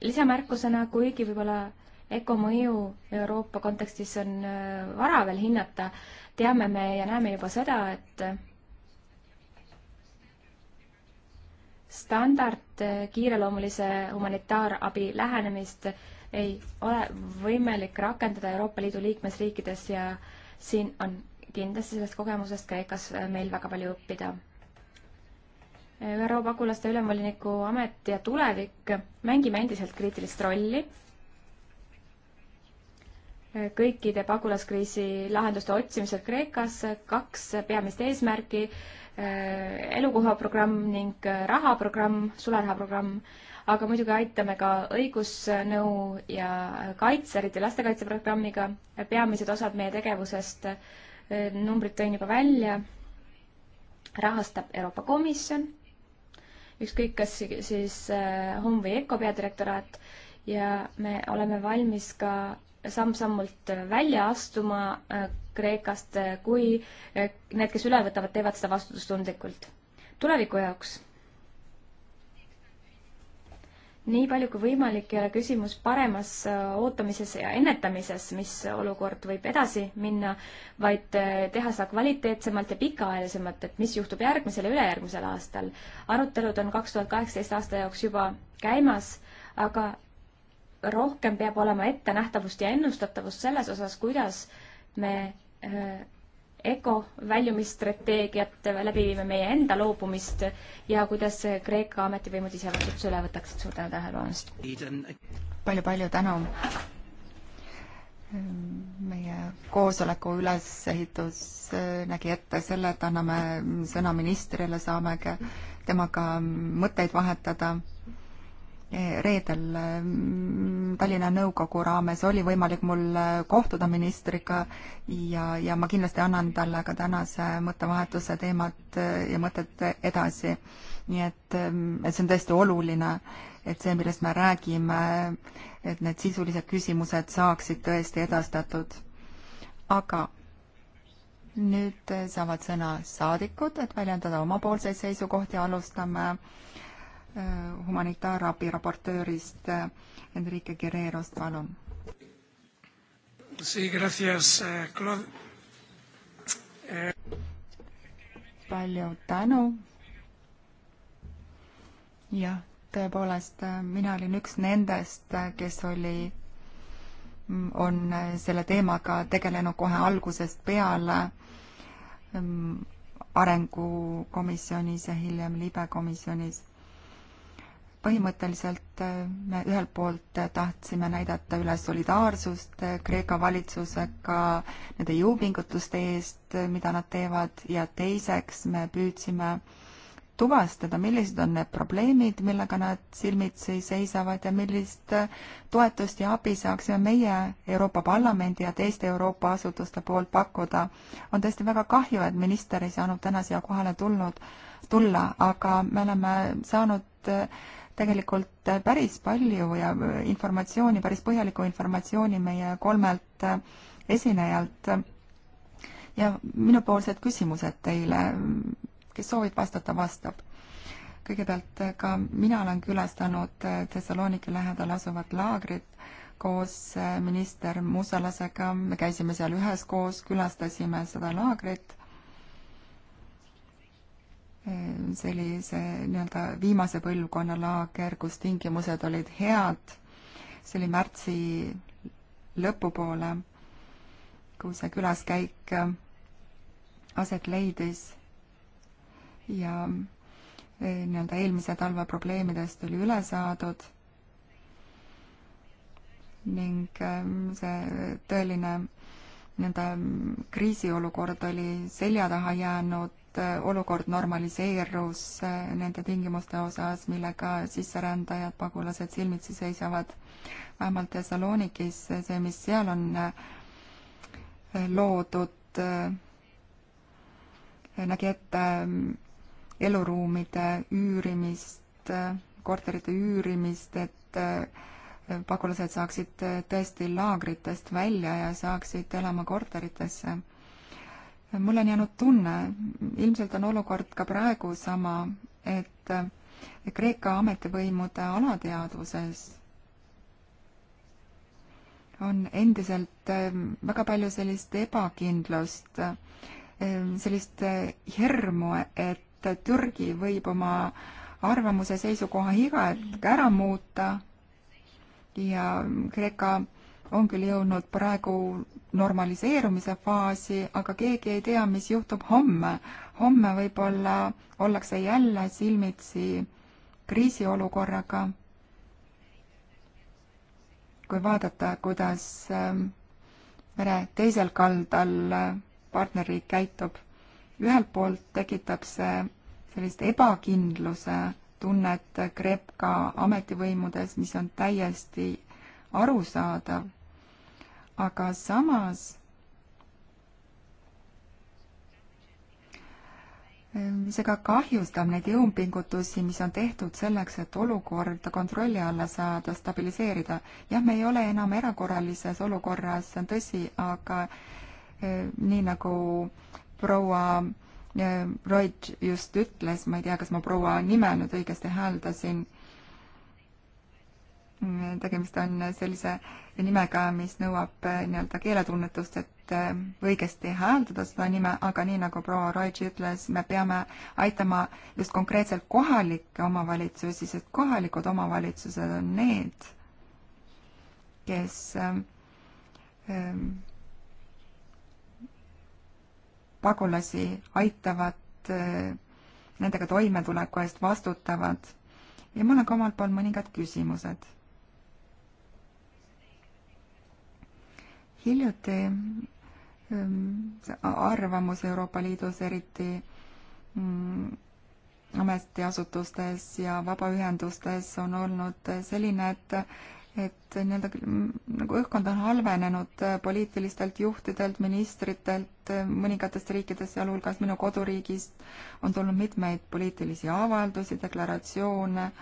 lisamärkusena, kuigi võib-olla ECO mõju Euroopa kontekstis on äh, vara veel hinnata, teame me ja näeme juba seda, et standard äh, kiireloomulise humanitaarabi lähenemist ei ole võimalik rakendada Euroopa Liidu liikmesriikides ja siin on kindlasti sellest kogemusest Kreekas äh, meil väga palju õppida ÜRO pagulaste ülemvoliniku amet ja tulevik mängime endiselt kriitilist rolli kõikide pagulaskriisi lahenduste otsimisel Kreekas kaks peamist eesmärki, äh, elukohaprogramm ning äh, rahaprogramm, sularahaprogramm, aga muidugi aitame ka õigusnõu ja kaitse, eriti lastekaitseprogrammiga, peamised osad meie tegevusest, äh, numbrid tõin juba välja, rahastab Euroopa Komisjon, ükskõik, kas siis Home või ECO peadirektoraat, ja me oleme valmis ka samm-sammult äh, välja astuma äh, Kreekast, äh, kui need, kes üle võtavad, teevad seda vastutustundlikult tuleviku jaoks. nii palju kui võimalik ei ole küsimus paremas ootamises ja ennetamises, mis olukord võib edasi minna, vaid teha seda kvaliteetsemalt ja pikaajalisemalt, et mis juhtub järgmisel ja ülejärgmisel aastal. arutelud on kaks tuhat kaheksateist aasta jaoks juba käimas, aga rohkem peab olema ettenähtavust ja ennustatavust selles osas, kuidas me äh, ECO väljumisstrateegiat läbi viime, meie enda loobumist ja kuidas Kreeka ametivõimud ise vastutuse üle võtaksid. suur tänu tähelepanu eest! palju-palju tänu! meie koosoleku ülesehitus äh, nägi ette selle, et anname sõna ministrile, saame temaga mõtteid vahetada reedel mm, Tallinna nõukogu raames oli võimalik mul äh, kohtuda ministriga ja, ja ma kindlasti annan talle ka tänase mõttevahetuse teemat äh, ja mõtet edasi. nii et, mm, et see on tõesti oluline, et see, millest me räägime, et need sisulised küsimused saaksid tõesti edastatud. aga nüüd saavad sõna saadikud, et väljendada omapoolseid seisukohti, alustame äh, Äh, humanitaarabi raportöörist äh, Enrique Guerrerost, palun. Eh, eh, palju tänu. jah, tõepoolest, äh, mina olin üks nendest, kes oli, mm, on selle teemaga tegelenud kohe algusest peale mm, arengukomisjonis ja hiljem libekomisjonis põhimõtteliselt äh, me ühelt poolt tahtsime näidata üles solidaarsust äh, Kreeka valitsusega nende jõupingutuste eest, äh, mida nad teevad, ja teiseks me püüdsime tuvastada, millised on need probleemid, millega nad silmitsi seisavad ja millist toetust ja abi saaksime meie Euroopa Parlamendi ja teiste Euroopa asutuste poolt pakkuda. on tõesti väga kahju, et minister ei saanud täna siia kohale tulnud, tulla, aga me oleme saanud tegelikult päris palju ja informatsiooni, päris põhjalikku informatsiooni meie kolmelt esinejalt. ja minupoolsed küsimused teile, kes soovib vastata, vastab kõigepealt ka mina olen külastanud Thessaloniki lähedal asuvat laagrit koos minister Musalasega, me käisime seal üheskoos, külastasime seda laagrit sellise nii-öelda viimase põlvkonna laager, kus tingimused olid head, see oli märtsi lõpupoole, kui see külaskäik äh, aset leidis ja äh, nii-öelda eelmise talve probleemidest oli üle saadud ning äh, see tõeline nii-öelda kriisiolukord oli selja taha jäänud et äh, olukord normaliseerus äh, nende tingimuste osas, millega sisserändajad, pagulased silmitsi seisavad. vähemalt Thessalonikis äh, see, mis seal on loodud, nägi ette eluruumide üürimist, korterite üürimist, et pagulased saaksid tõesti laagritest välja ja saaksid elama korteritesse mul on jäänud tunne, ilmselt on olukord ka praegu sama, et Kreeka ametivõimude alateadvuses on endiselt eh, väga palju sellist ebakindlust, eh, sellist eh, hirmu, et Türgi võib oma arvamuse, seisukoha iga hetk ära muuta ja Kreeka on küll jõudnud praegu normaliseerumise faasi, aga keegi ei tea, mis juhtub homme. homme võib-olla ollakse jälle silmitsi kriisiolukorraga. kui vaadata, kuidas ähm, mere teisel kaldal äh, partnerriik käitub, ühelt poolt tekitab see sellist ebakindluse tunnet Kreeka ametivõimudes, mis on täiesti arusaadav aga samas ehm, see ka kahjustab neid jõupingutusi, mis on tehtud selleks, et olukorda kontrolli alla saada, stabiliseerida. jah, me ei ole enam erakorralises olukorras, see on tõsi, aga ehm, nii nagu proua ehm, Roig just ütles, ma ei tea, kas ma proua nime nüüd õigesti hääldasin tegemist on sellise nimega, mis nõuab eh, nii-öelda keeletunnetust, et eh, õigesti hääldada seda nime, aga nii nagu proua Roitši ütles, me peame aitama just konkreetselt kohalikke omavalitsusi, sest kohalikud omavalitsused on need, kes eh, pagulasi aitavad, nendega toimetuleku eest vastutavad ja mul on ka omalt poolt mõningad küsimused hiljuti ähm, arvamus Euroopa Liidus, eriti mm, ametiasutustes ja vabaühendustes on olnud selline, et et nii-öelda mm, nagu õhkkond on halvenenud poliitilistelt juhtidelt, ministritelt mõningatest riikidest, sealhulgas minu koduriigist, on tulnud mitmeid poliitilisi avaldusi, deklaratsioone äh,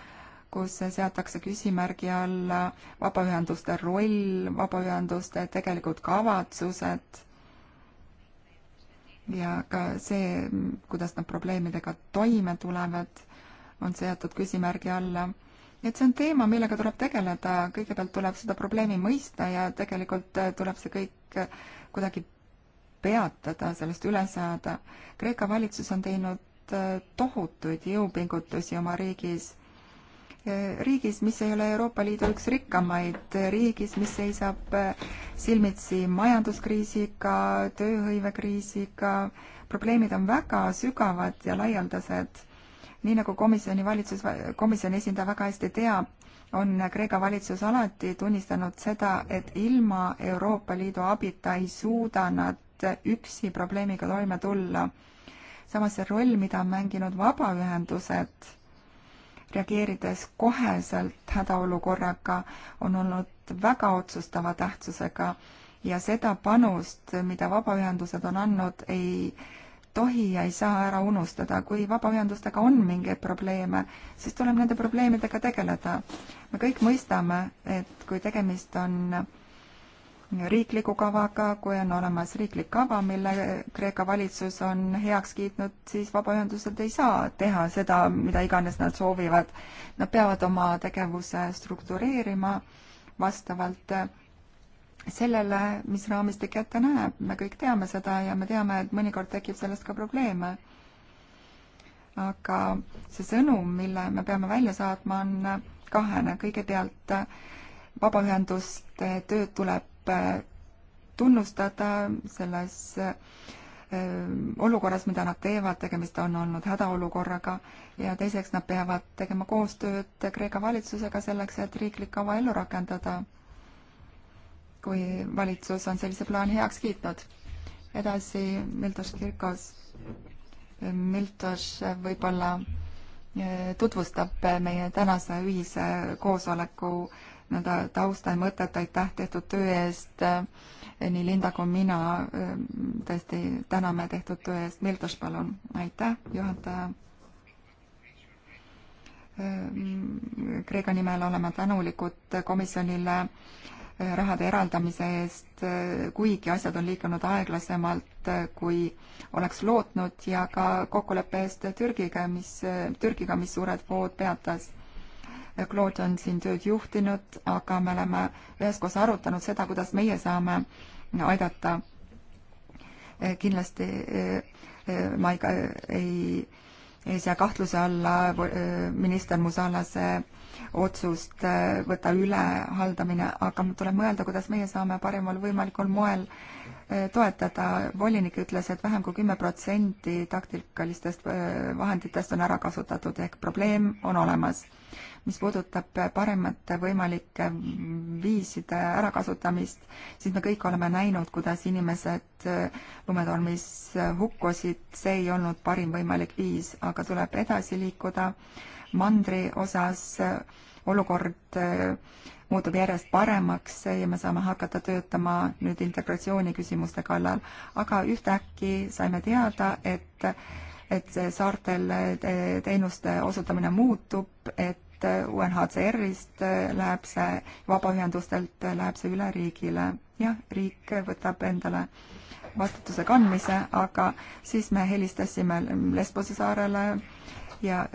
kus seatakse küsimärgi alla vabaühenduste roll, vabaühenduste tegelikud kavatsused ja ka see, kuidas nad probleemidega toime tulevad, on seatud küsimärgi alla. et see on teema, millega tuleb tegeleda, kõigepealt tuleb seda probleemi mõista ja tegelikult äh, tuleb see kõik äh, kuidagi peatada, sellest üle saada. Kreeka valitsus on teinud äh, tohutuid jõupingutusi oma riigis riigis, mis ei ole Euroopa Liidu üks rikkamaid, riigis, mis seisab äh, silmitsi majanduskriisiga, tööhõivekriisiga, probleemid on väga sügavad ja laialdased. nii nagu komisjoni valitsus, komisjoni esindaja väga hästi teab, on Kreeka valitsus alati tunnistanud seda, et ilma Euroopa Liidu abita ei suuda nad üksi probleemiga toime tulla. samas see roll, mida on mänginud vabaühendused reageerides koheselt hädaolukorraga, on olnud väga otsustava tähtsusega ja seda panust, mida vabaühendused on andnud, ei tohi ja ei saa ära unustada, kui vabaühendustega on mingeid probleeme, siis tuleb nende probleemidega tegeleda. me kõik mõistame, et kui tegemist on riikliku kavaga, kui on olemas riiklik kava, mille Kreeka valitsus on heaks kiitnud, siis vabaühendused ei saa teha seda, mida iganes nad soovivad. Nad peavad oma tegevuse struktureerima vastavalt sellele, mis raamistik ette näeb, me kõik teame seda ja me teame, et mõnikord tekib sellest ka probleeme. aga see sõnum, mille me peame välja saatma, on kahene, kõigepealt vabaühenduste tööd tuleb Äh, tunnustada selles äh, olukorras, mida nad teevad, tegemist on olnud hädaolukorraga ja teiseks nad peavad tegema koostööd Kreeka valitsusega selleks, et riiklik kava ellu rakendada, kui valitsus on sellise plaani heaks kiitnud. edasi Miltos Kirkos. Miltos võib-olla äh, tutvustab meie tänase ühise koosoleku äh, nii-öelda tausta ja mõtet, aitäh tehtud töö eest. Eh, nii Linda kui mina eh, tõesti täname tehtud töö eest. Miltos, palun. aitäh, juhataja. Eh, Kreeka nimel oleme tänulikud komisjonile rahade eraldamise eest, kuigi asjad on liikunud aeglasemalt, kui oleks lootnud ja ka kokkuleppe eest Türgiga, mis, Türgiga, mis suured vood peatas. Claude on siin tööd juhtinud, aga me oleme üheskoos arutanud seda, kuidas meie saame aidata. Eh, kindlasti eh, eh, ma ei, ei, ei sea kahtluse alla minister Musalase otsust äh, võtta üle haldamine, aga tuleb mõelda, kuidas meie saame parimal võimalikul moel äh, toetada. volinik ütles, et vähem kui kümme protsenti taktikalistest äh, vahenditest on ära kasutatud ehk probleem on olemas. mis puudutab paremate võimalike viiside ärakasutamist, siis me kõik oleme näinud, kuidas inimesed lumetormis hukkusid, see ei olnud parim võimalik viis, aga tuleb edasi liikuda mandri osas olukord äh, muutub järjest paremaks ja me saame hakata töötama nüüd integratsiooni küsimuste kallal, aga ühtäkki saime teada, et et see saartel äh, teenuste osutamine muutub, et äh, UNHCR-ist läheb see, vabaühendustelt läheb see üle riigile. jah, riik võtab endale vastutuse kandmise, aga siis me helistasime Lesbose saarele, ja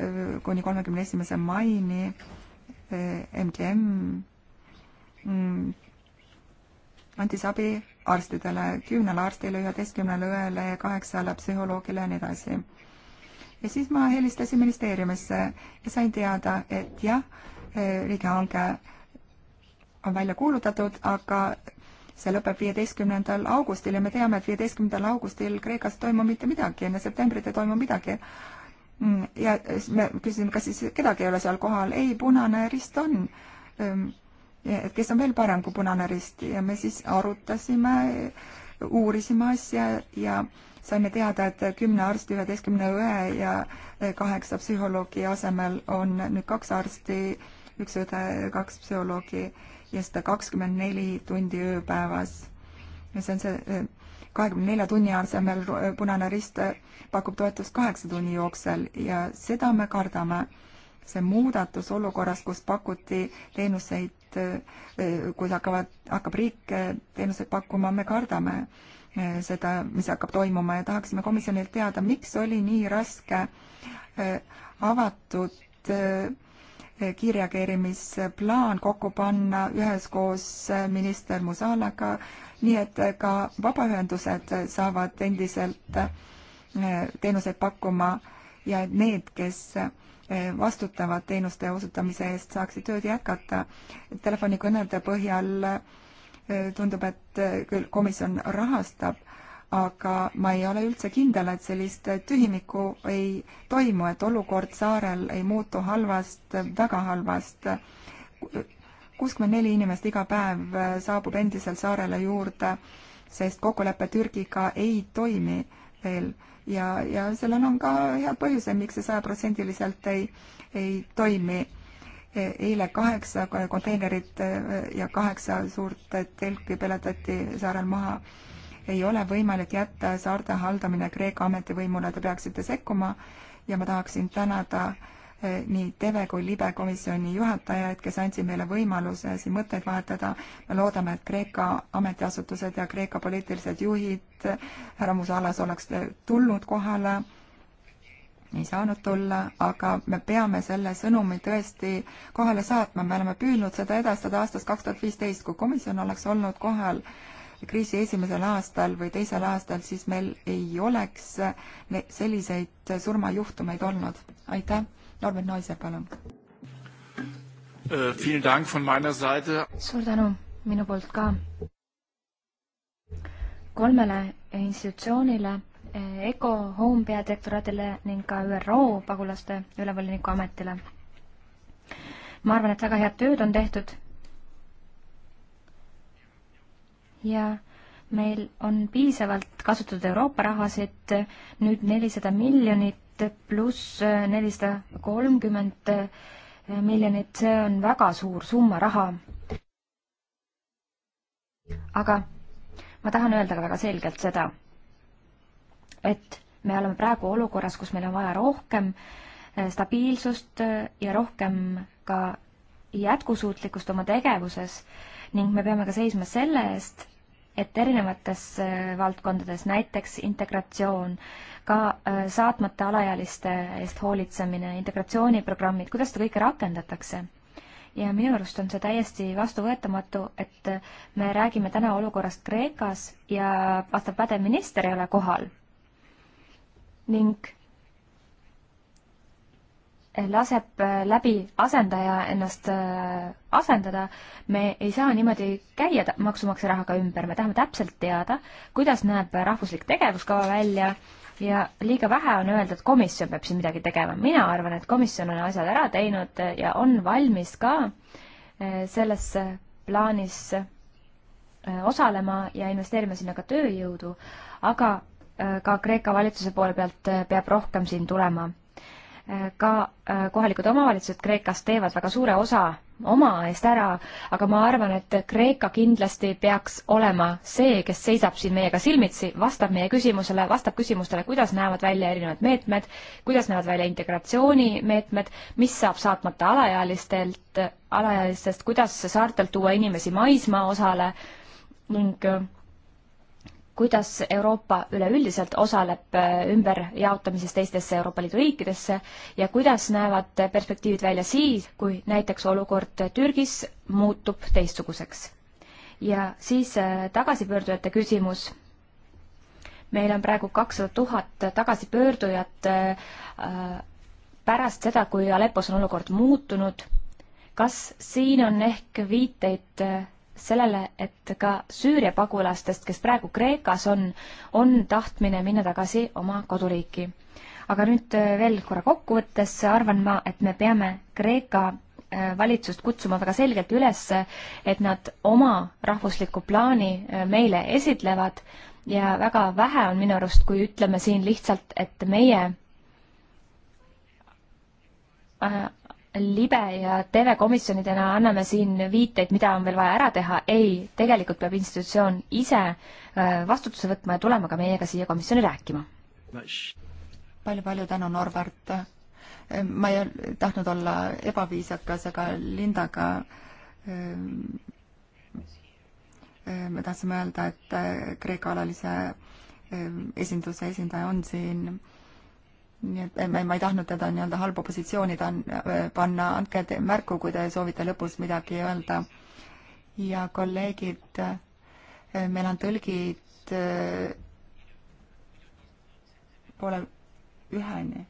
kuni kolmekümne esimese maini MGM mm, andis abi arstidele, kümnele arstile, üheteistkümnele õele, kaheksale psühholoogile ja nii edasi. ja siis ma helistasin ministeeriumisse ja sain teada, et jah, riigihange on välja kuulutatud, aga see lõpeb viieteistkümnendal augustil ja me teame, et viieteistkümnendal augustil Kreekas ei toimu mitte midagi, enne septembrit ei toimu midagi. Mm, ja me küsisime, kas siis kedagi ei ole seal kohal, ei, Punane Rist on. Ehm, et kes on veel parem kui Punane Rist ja me siis arutasime, uurisime asja ja saime teada, et kümne arsti, üheteistkümne õe ja kaheksa psühholoogi asemel on nüüd kaks arsti, üks õde, kaks psühholoogi ja seda kakskümmend neli tundi ööpäevas. ja see on see ehm, kahekümne nelja tunni asemel Punane Rist pakub toetust kaheksa tunni jooksul ja seda me kardame. see muudatus olukorras, kus pakuti teenuseid, kus hakkavad, hakkab riik teenuseid pakkuma, me kardame eh, seda, mis hakkab toimuma ja tahaksime komisjonilt teada, miks oli nii raske eh, avatud eh, kiirreageerimisplaan kokku panna üheskoos minister Musalaga, nii et ka vabaühendused saavad endiselt Äh, teenuseid pakkuma ja et need, kes äh, vastutavad teenuste osutamise eest, saaksid tööd jätkata. telefonikõnede põhjal äh, tundub, et küll komisjon rahastab, aga ma ei ole üldse kindel, et sellist tühimikku ei toimu, et olukord saarel ei muutu halvast väga halvast. kuuskümmend neli inimest iga päev saabub endiselt saarele juurde, sest kokkulepe Türgiga ei toimi veel ja, ja sellel on ka head põhjused, miks see sajaprotsendiliselt ei, ei toimi. E, eile kaheksa konteinerit e, ja kaheksa suurt telki peletati saarel maha. ei ole võimalik jätta saarte haldamine Kreeka ametivõimule, te peaksite sekkuma ja ma tahaksin tänada äh, Äh, nii TV kui Libe komisjoni juhatajaid, kes andsid meile võimaluse siin mõtteid vahetada. me loodame, et Kreeka ametiasutused ja Kreeka poliitilised juhid, härra Musalas oleks tulnud kohale, ei saanud tulla, aga me peame selle sõnumi tõesti kohale saatma, me oleme püüdnud seda edastada aastast kaks tuhat viisteist, kui komisjon oleks olnud kohal kriisi esimesel aastal või teisel aastal, siis meil ei oleks selliseid surmajuhtumeid olnud. aitäh! Norbert Noiser, palun äh,. Vielen Dank von meiner Seite. suur tänu minu poolt ka. kolmele institutsioonile äh, EGO Home peadirektoraadile ning ka ÜRO pagulaste ülevoliniku ametile. ma arvan, et väga head tööd on tehtud. ja meil on piisavalt kasutatud Euroopa rahasid, nüüd nelisada miljonit miljonit pluss nelisada kolmkümmend miljonit, see on väga suur summa raha. aga ma tahan öelda ka väga selgelt seda, et me oleme praegu olukorras, kus meil on vaja rohkem eh, stabiilsust eh, ja rohkem ka jätkusuutlikkust oma tegevuses ning me peame ka seisma selle eest, et erinevates äh, valdkondades, näiteks integratsioon, ka äh, saatmata alaealiste eest hoolitsemine, integratsiooniprogrammid, kuidas seda kõike rakendatakse? ja minu arust on see täiesti vastuvõetamatu, et äh, me räägime täna olukorrast Kreekas ja vastav pädev minister ei ole kohal. ning laseb äh, läbi asendaja ennast äh, asendada, me ei saa niimoodi käia maksumaksja rahaga ümber, me tahame täpselt teada, kuidas näeb rahvuslik tegevuskava välja ja liiga vähe on öeldud, et komisjon peab siin midagi tegema. mina arvan, et komisjon on asjad ära teinud ja on valmis ka äh, selles plaanis osalema ja investeerima sinna ka tööjõudu, aga ka Kreeka valitsuse poole pealt peab rohkem siin tulema Äh, ka äh, kohalikud omavalitsused Kreekas teevad väga suure osa oma eest ära, aga ma arvan, et Kreeka kindlasti peaks olema see, kes seisab siin meiega silmitsi, vastab meie küsimusele, vastab küsimustele, kuidas näevad välja erinevad meetmed, kuidas näevad välja integratsioonimeetmed, mis saab saatmata alaealistelt, alaealistest, kuidas saartelt tuua inimesi maismaa osale ning äh, kuidas Euroopa üleüldiselt osaleb äh, ümberjaotamises teistesse Euroopa Liidu riikidesse ja kuidas näevad perspektiivid välja siis, kui näiteks olukord Türgis muutub teistsuguseks. ja siis äh, tagasipöördujate küsimus. meil on praegu kakssada tuhat tagasipöördujat äh, pärast seda, kui Aleppos on olukord muutunud. kas siin on ehk viiteid sellele, et ka Süüria pagulastest, kes praegu Kreekas on, on tahtmine minna tagasi oma koduriiki. aga nüüd äh, veel korra kokkuvõttes arvan ma, et me peame Kreeka äh, valitsust kutsuma väga selgelt üles, et nad oma rahvusliku plaani äh, meile esitlevad ja väga vähe on minu arust, kui ütleme siin lihtsalt, et meie libe ja TV komisjonidena anname siin viiteid, mida on veel vaja ära teha, ei, tegelikult peab institutsioon ise äh, vastutuse võtma ja tulema ka meiega siia komisjoni rääkima palju,. palju-palju tänu, Norbert. Äh, ma ei tahtnud olla ebaviisakas, aga Lindaga äh, me tahtsime öelda, et Kreeka alalise esinduse esindaja on siin nii et ma ei tahtnud teda nii-öelda halba positsiooni ta-, panna, andke märku, kui te soovite lõpus midagi öelda. ja kolleegid, äh, meil on tõlgid äh, poole üheni.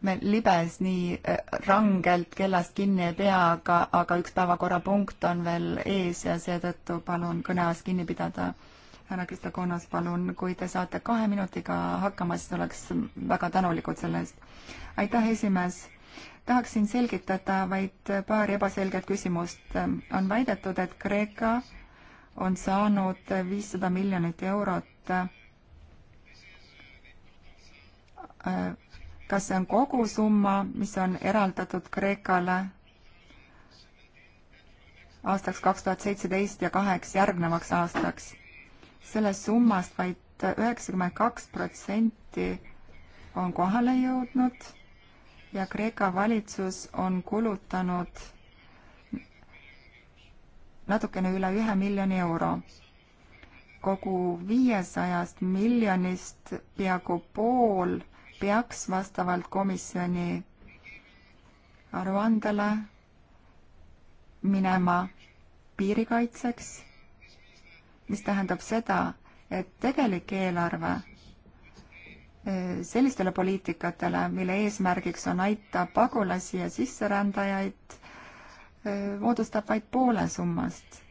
me libes nii äh, rangelt kellast kinni ei pea, aga, aga üks päevakorrapunkt on veel ees ja seetõttu palun kõneajast kinni pidada härra Krista Konnas, palun, kui te saate kahe minutiga hakkama, siis oleks väga tänulikud selle eest. aitäh, esimees. tahaksin selgitada vaid paari ebaselget küsimust. on väidetud, et Kreeka on saanud viissada miljonit eurot. kas see on kogu summa, mis on eraldatud Kreekale aastaks kaks tuhat seitseteist ja kaheks järgnevaks aastaks? sellest summast vaid üheksakümmend kaks protsenti on kohale jõudnud ja Kreeka valitsus on kulutanud natukene üle ühe miljoni euro. kogu viiesajast miljonist peaaegu pool peaks vastavalt komisjoni aruandele minema piirikaitseks mis tähendab seda, et tegelik eelarve eh, sellistele poliitikatele, mille eesmärgiks on aita pagulasi ja sisserändajaid, eh, moodustab vaid poole summast.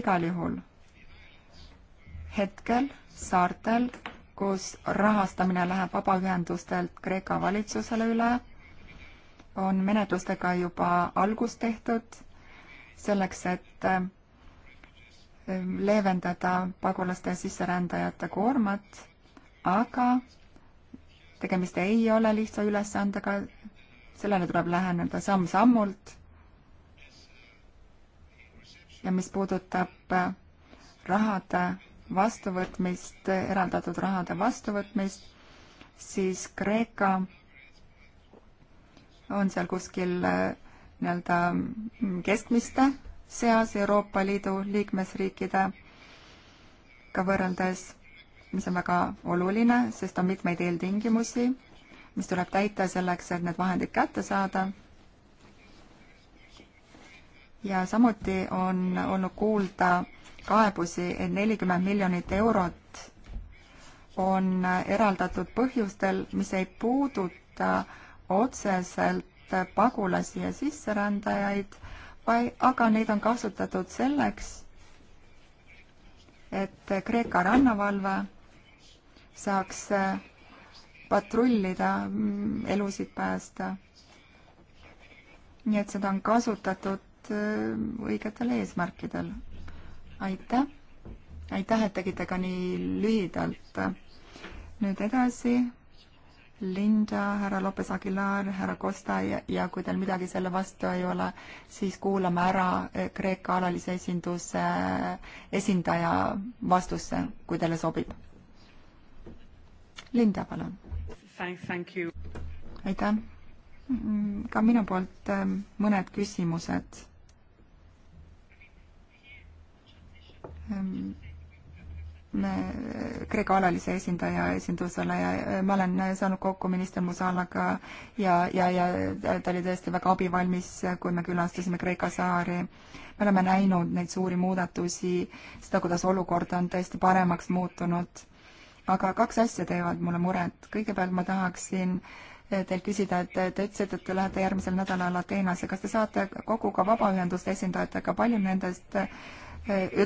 igal juhul hetkel saartel, kus rahastamine läheb vabaühendustelt Kreeka valitsusele üle, on menetlustega juba algus tehtud selleks, et äh, leevendada pagulaste ja sisserändajate koormat, aga tegemist ei ole lihtsa ülesandega, sellele tuleb läheneda samm-sammult. ja mis puudutab äh, rahade vastuvõtmist, eraldatud rahade vastuvõtmist, siis Kreeka on seal kuskil äh, nii-öelda keskmiste seas Euroopa Liidu liikmesriikidega võrreldes, mis on väga oluline, sest on mitmeid eeltingimusi, mis tuleb täita selleks, et need vahendid kätte saada. ja samuti on olnud kuulda kaebusi, et nelikümmend miljonit eurot on eraldatud põhjustel, mis ei puuduta otseselt mitte pagulasi ja sisserändajaid, aga neid on kasutatud selleks, et Kreeka rannavalve saaks patrullida, mm, elusid päästa. nii et seda on kasutatud mm, õigetel eesmärkidel. aitäh! aitäh, et tegite ka nii lühidalt. nüüd edasi Linda, härra Lopes Aguilar, härra Costa ja, ja kui teil midagi selle vastu ei ole, siis kuulame ära eh, Kreeka alalise esinduse eh, esindaja vastuse, kui teile sobib. Linda, palun. aitäh. Mm, ka minu poolt eh, mõned küsimused ehm, Eh, Kreeka alalise esindaja esindusele ja eh, ma olen eh, saanud kokku minister Musalaga ja, ja, ja ta oli tõesti väga abivalmis, kui me külastasime Kreeka saari. me oleme näinud neid suuri muudatusi, seda, kuidas olukord on tõesti paremaks muutunud. aga kaks asja teevad mulle muret. kõigepealt ma tahaksin teilt küsida, et te ütlesite, et te lähete järgmisel nädalal Ateenasse, kas te saate kogu ka vabaühenduste esindajatega, paljud nendest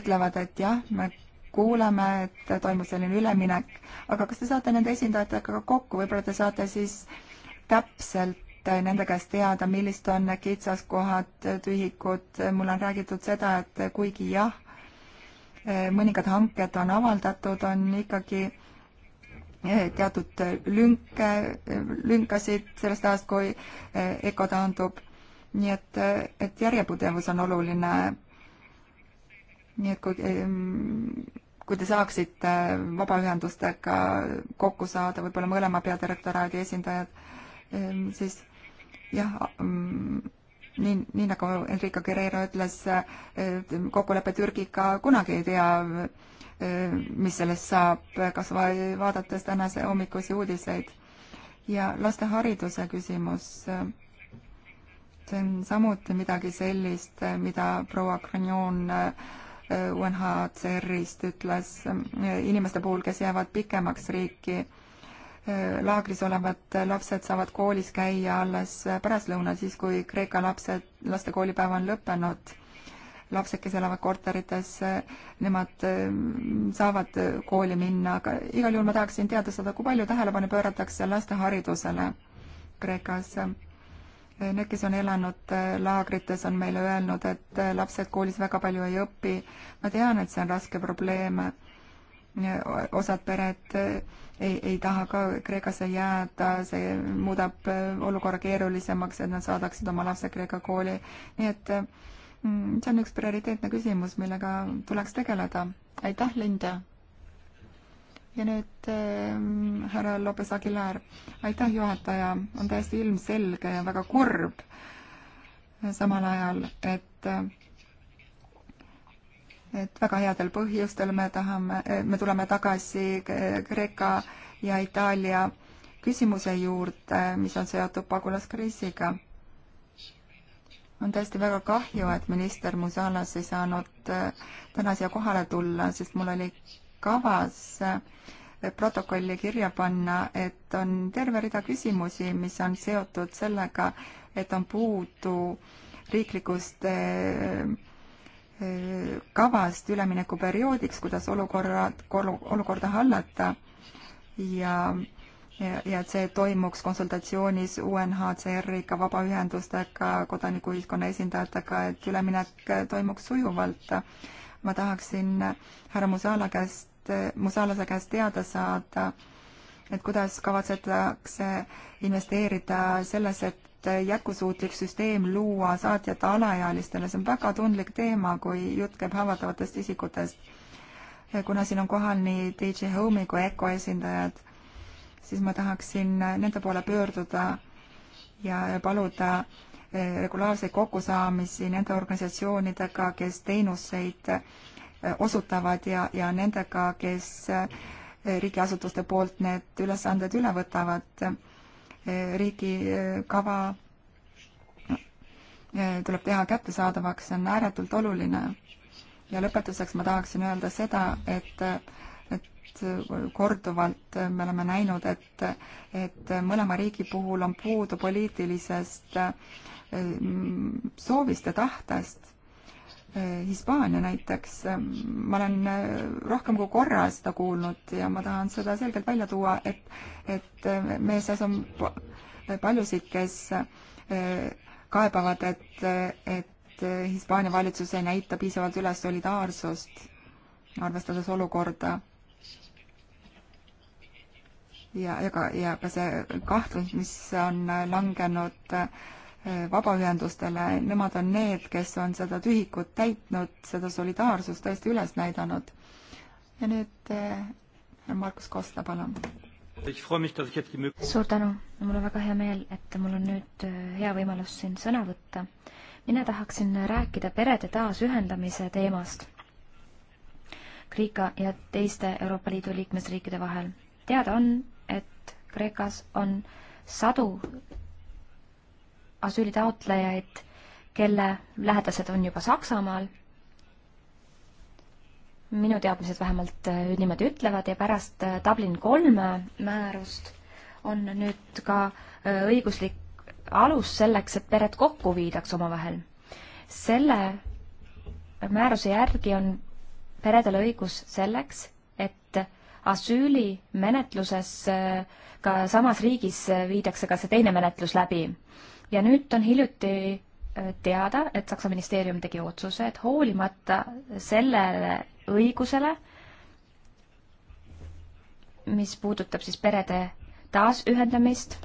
ütlevad, et jah, me kuuleme, et toimus selline üleminek, aga kas te saate nende esindajatega kokku, võib-olla te saate siis täpselt nende käest teada, millised on kitsaskohad, tühikud, mulle on räägitud seda, et kuigi jah, mõningad hanked on avaldatud, on ikkagi eh, teatud lünke, lünkasid sellest ajast, kui eh, EKO taandub. nii et, eh, et järjepidevus on oluline. nii et kui kui te saaksite vabaühendustega kokku saada, võib-olla mõlema peadirektoraadi esindajad, ehm, siis jah, mm, nii, nii nagu Enrico Guerrero ütles, kokkulepe Türgiga kunagi ei tea, ehm, mis sellest saab, kas või vaadates tänase hommikusi uudiseid. ja laste hariduse küsimus, see on samuti midagi sellist, mida proua Grignon Äh, UNHCR-ist ütles äh, inimeste puhul, kes jäävad pikemaks riiki. Äh, laagris olevad lapsed saavad koolis käia alles pärastlõunal, siis kui Kreeka lapsed, laste koolipäev on lõppenud. lapsed, kes elavad korterites, nemad saavad kooli minna, aga igal juhul ma tahaksin teada saada, kui palju tähelepanu pööratakse laste haridusele Kreekas Need, kes on elanud äh, laagrites, on meile öelnud, et äh, lapsed koolis väga palju ei õpi. ma tean, et see on raske probleem. osad pered äh, ei, ei taha ka Kreekasse jääda, see muudab olukorra keerulisemaks, et nad saadaksid oma lapse Kreeka kooli. nii et mm, see on üks prioriteetne küsimus, millega tuleks tegeleda. aitäh, Linda! ja nüüd äh, härra Lopes Aguilar. aitäh, juhataja, on täiesti ilmselge ja väga kurb samal ajal, et et väga headel põhjustel me tahame, me tuleme tagasi Kreeka ja Itaalia küsimuse juurde, mis on seotud pagulaskriisiga. on tõesti väga kahju, et minister Musalas ei saanud äh, täna siia kohale tulla, sest mul oli kavas eh, protokolli kirja panna, et on terve rida küsimusi, mis on seotud sellega, et on puudu riiklikust eh, eh, kavast üleminekuperioodiks, kuidas olukorra, olukorda hallata ja ja, ja et see toimuks konsultatsioonis UNHCR-iga, vabaühendustega, kodanikuühiskonna esindajatega, et üleminek toimuks sujuvalt ma tahaksin härra Musala käest, Musalase käest teada saada, et kuidas kavatsetakse investeerida sellesse, et jätkusuutlik süsteem luua saatjate alaealistele, see on väga tundlik teema, kui jutt käib haavatavatest isikutest. kuna siin on kohal nii DJ Home'i kui EKO esindajad, siis ma tahaksin nende poole pöörduda ja paluda regulaarseid kokkusaamisi nende organisatsioonidega, kes teenuseid eh, osutavad ja, ja nendega, kes eh, riigiasutuste poolt need ülesanded üle võtavad. Eh, riigikava tuleb teha kättesaadavaks, see on ääretult oluline. ja lõpetuseks ma tahaksin öelda seda, et korduvalt me oleme näinud, et, et mõlema riigi puhul on puudu poliitilisest äh, Äh, soovist ja tahtest. Äh, Hispaania näiteks, äh, ma olen rohkem kui korra seda kuulnud ja ma tahan seda selgelt välja tuua, et, et meie seas on paljusid, kes kaebavad, et, et Hispaania valitsus ei näita piisavalt üles solidaarsust, arvestades olukorda ja, ja ka, ja ka see kahtlus, mis on langenud Eh, vabaühendustele, nemad on need, kes on seda tühikut täitnud, seda solidaarsust tõesti üles näidanud. ja nüüd eh, härra Markus Kosta, palun. suur tänu, mul on väga hea meel, et mul on nüüd eh, hea võimalus siin sõna võtta. mina tahaksin rääkida perede taasühendamise teemast Kreeka ja teiste Euroopa Liidu liikmesriikide vahel. teada on, et Kreekas on sadu asüülitaotlejaid, kelle lähedased on juba Saksamaal. minu teadmised vähemalt äh, niimoodi ütlevad ja pärast äh, Dublin kolme määrust on nüüd ka äh, õiguslik alus selleks, et pered kokku viidaks omavahel. selle määruse järgi on peredel õigus selleks, et asüülimenetluses ka samas riigis viidakse ka see teine menetlus läbi ja nüüd on hiljuti äh, teada, et Saksa ministeerium tegi otsuse, et hoolimata sellele õigusele, mis puudutab siis perede taasühendamist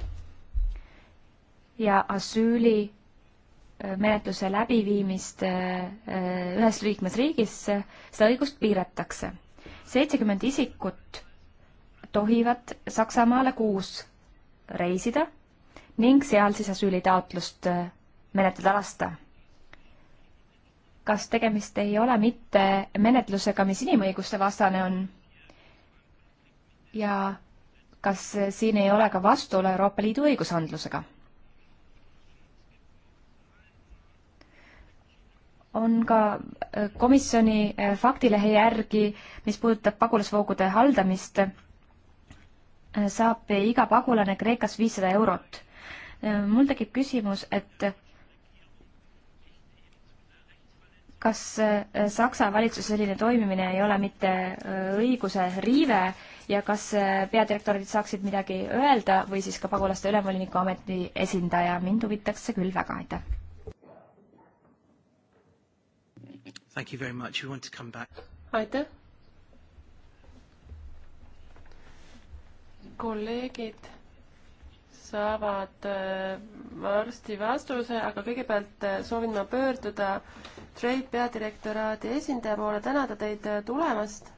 ja asüüli äh, menetluse läbiviimist äh, ühes liikmesriigis, seda õigust piiratakse. seitsekümmend isikut tohivad Saksamaale kuus reisida ning seal siis asüülitaotlust äh, menetleda lasta. kas tegemist ei ole mitte menetlusega, mis inimõiguste vastane on? ja kas siin ei ole ka vastuolu Euroopa Liidu õigusandlusega? on ka äh, komisjoni äh, faktilehe järgi, mis puudutab pagulasvoogude haldamist, saab iga pagulane Kreekas viissada eurot. Äh, mul tekib küsimus, et kas äh, Saksa valitsuse selline toimimine ei ole mitte äh, õiguse riive ja kas peadirektorid saaksid midagi öelda või siis ka pagulaste ülemvoliniku ameti esindaja, mind huvitaks see küll väga, aitäh. aitäh. kolleegid saavad äh, varsti vastuse, aga kõigepealt äh, soovin ma pöörduda Trade peadirektoraadi esindaja poole, tänada teid äh, tulemast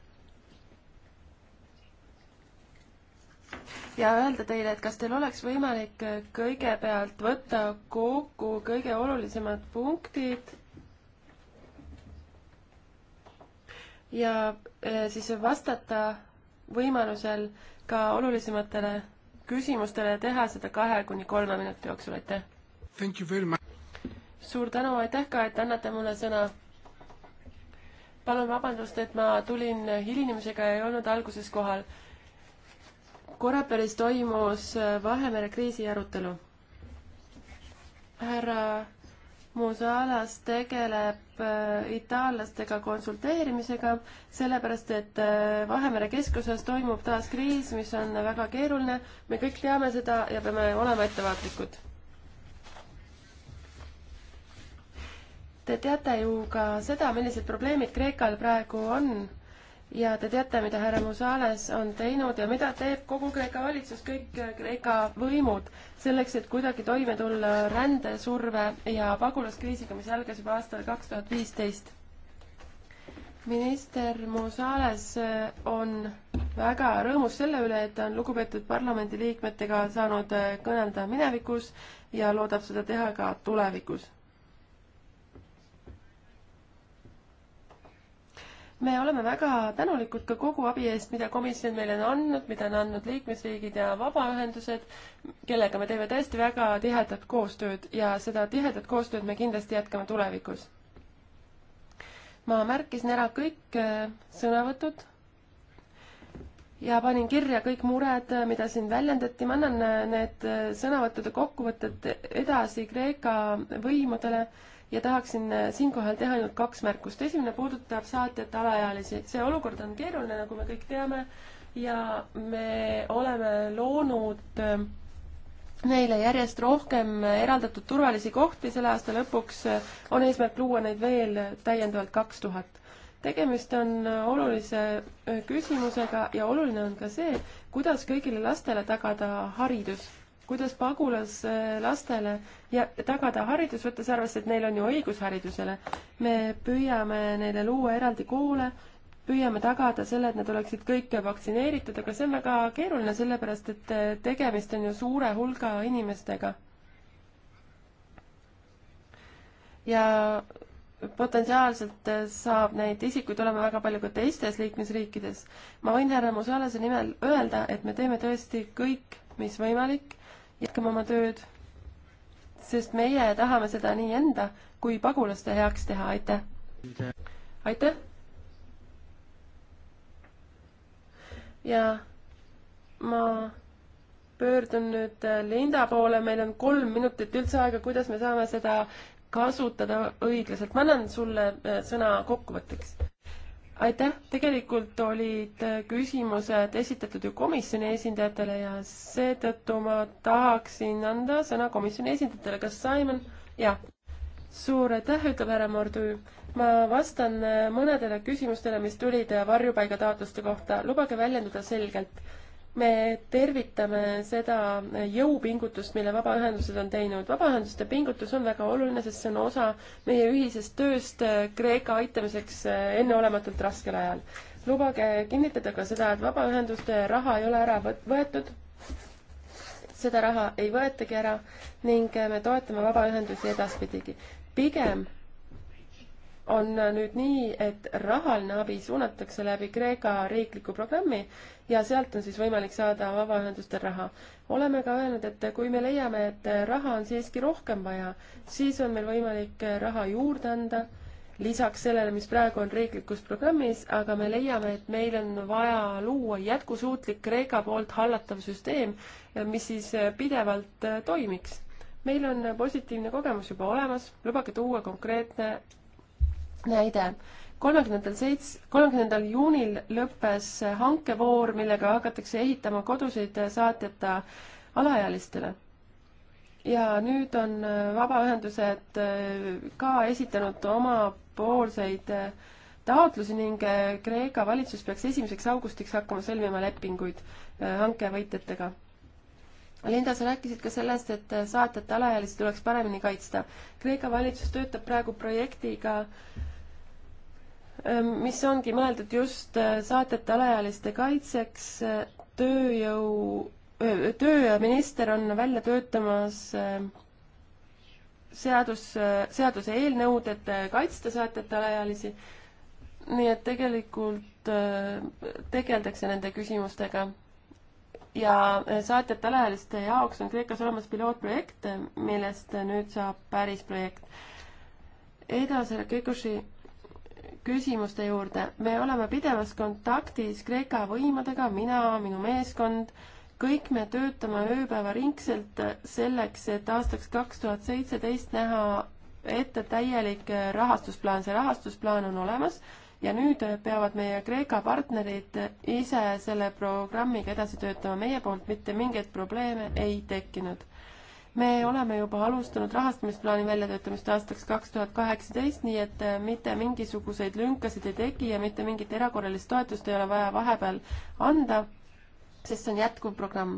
ja öelda teile, et kas teil oleks võimalik kõigepealt võtta kokku kõige olulisemad punktid ja siis vastata võimalusel ka olulisematele küsimustele ja teha seda kahe kuni kolme minuti jooksul, aitäh! suur tänu, aitäh ka, et annate mulle sõna. palun vabandust, et ma tulin hilinemisega ja ei olnud alguses kohal. Koreperis toimus Vahemere kriisi arutelu. härra Musalas tegeleb äh, itaallastega konsulteerimisega, sellepärast et äh, Vahemere keskuses toimub taas kriis, mis on väga keeruline. me kõik teame seda ja peame olema ettevaatlikud. Te teate ju ka seda, millised probleemid Kreekal praegu on ja te teate, mida härra Musales on teinud ja mida teeb kogu Kreeka valitsus, kõik Kreeka võimud, selleks, et kuidagi toime tulla rändesurve ja pagulaskriisiga, mis algas juba aastal kaks tuhat viisteist. minister Musales on väga rõõmus selle üle, et ta on lugupeetud parlamendiliikmetega saanud kõnelda minevikus ja loodab seda teha ka tulevikus me oleme väga tänulikud ka kogu abi eest, mida komisjon meile on andnud, mida on andnud liikmesriigid ja vabaühendused, kellega me teeme tõesti väga tihedat koostööd ja seda tihedat koostööd me kindlasti jätkame tulevikus. ma märkisin ära kõik äh, sõnavõtud ja panin kirja kõik mured, äh, mida siin väljendati, ma annan äh, need sõnavõttude kokkuvõtted edasi Kreeka võimudele ja tahaksin äh, siinkohal teha ainult kaks märkust. esimene puudutab saatjate alaealisi. see olukord on keeruline, nagu me kõik teame, ja me oleme loonud äh, neile järjest rohkem eraldatud turvalisi kohti, selle aasta lõpuks on eesmärk luua neid veel täiendavalt kaks tuhat. tegemist on äh, olulise küsimusega ja oluline on ka see, kuidas kõigile lastele tagada haridus kuidas pagulaslastele ja tagada haridus, võttes arvesse, et neil on ju õigus haridusele. me püüame neile luua eraldi koole, püüame tagada selle, et nad oleksid kõik vaktsineeritud, aga see on väga keeruline, sellepärast et tegemist on ju suure hulga inimestega. ja potentsiaalselt saab neid isikuid olema väga palju ka teistes liikmesriikides. ma võin härra Musalase nimel öelda, et me teeme tõesti kõik, mis võimalik jätkame oma tööd, sest meie tahame seda nii enda kui pagulaste heaks teha, aitäh! aitäh! ja ma pöördun nüüd äh, Linda poole, meil on kolm minutit üldse aega, kuidas me saame seda kasutada õiglaselt. ma annan sulle äh, sõna kokkuvõtteks aitäh, tegelikult olid äh, küsimused esitatud ju komisjoni esindajatele ja seetõttu ma tahaksin anda sõna komisjoni esindajatele, kas Simon, jah? suur aitäh, ütleb härra Mordü. ma vastan äh, mõnedele küsimustele, mis tulid äh, varjupaigataotluste kohta, lubage väljenduda selgelt me tervitame seda jõupingutust, mille vabaühendused on teinud. vabaühenduste pingutus on väga oluline, sest see on osa meie ühisest tööst Kreeka aitamiseks enneolematult raskel ajal. lubage kinnitada ka seda, et vabaühenduste raha ei ole ära võetud, seda raha ei võetagi ära ning me toetame vabaühendusi edaspidigi. pigem on nüüd nii, et rahaline abi suunatakse läbi Kreeka riikliku programmi ja sealt on siis võimalik saada vabaühendustel raha. oleme ka öelnud, et kui me leiame, et raha on siiski rohkem vaja, siis on meil võimalik raha juurde anda, lisaks sellele, mis praegu on riiklikus programmis, aga me leiame, et meil on vaja luua jätkusuutlik Kreeka poolt hallatav süsteem, mis siis pidevalt toimiks meil on positiivne kogemus juba olemas, lubage tuua konkreetne näide. kolmekümnendal seits-, kolmekümnendal juunil lõppes hankevoor, millega hakatakse ehitama kodusid saatjata alaealistele. ja nüüd on vabaühendused äh, ka esitanud omapoolseid äh, taotlusi ning äh, Kreeka valitsus peaks esimeseks augustiks hakkama sõlmima lepinguid hankevõitjatega Linda, sa rääkisid ka sellest, et saatjate alaealisi tuleks paremini kaitsta. Kreeka valitsus töötab praegu projektiga, Ähm, mis ongi mõeldud just äh, saatjate alaealiste kaitseks. Äh, tööjõu, äh, tööminister on välja töötamas seadus, seaduseelnõud, et kaitsta saatjate alaealisi. nii et tegelikult tegeldakse nende küsimustega. ja saatjate alaealiste jaoks on Kreekas olemas pilootprojekt, millest nüüd saab päris projekt. edasi, Rakekoši küsimuste juurde. me oleme pidevas kontaktis Kreeka võimudega, mina, minu meeskond, kõik me töötame ööpäevaringselt selleks, et aastaks kaks tuhat seitseteist näha ette täielik rahastusplaan, see rahastusplaan on olemas ja nüüd peavad meie Kreeka partnerid ise selle programmiga edasi töötama meie poolt, mitte mingeid probleeme ei tekkinud me oleme juba alustanud rahastamisplaani väljatöötamist aastaks kaks tuhat kaheksateist, nii et äh, mitte mingisuguseid lünkasid ei teki ja mitte mingit erakorralist toetust ei ole vaja vahepeal anda, sest see on jätkuv programm.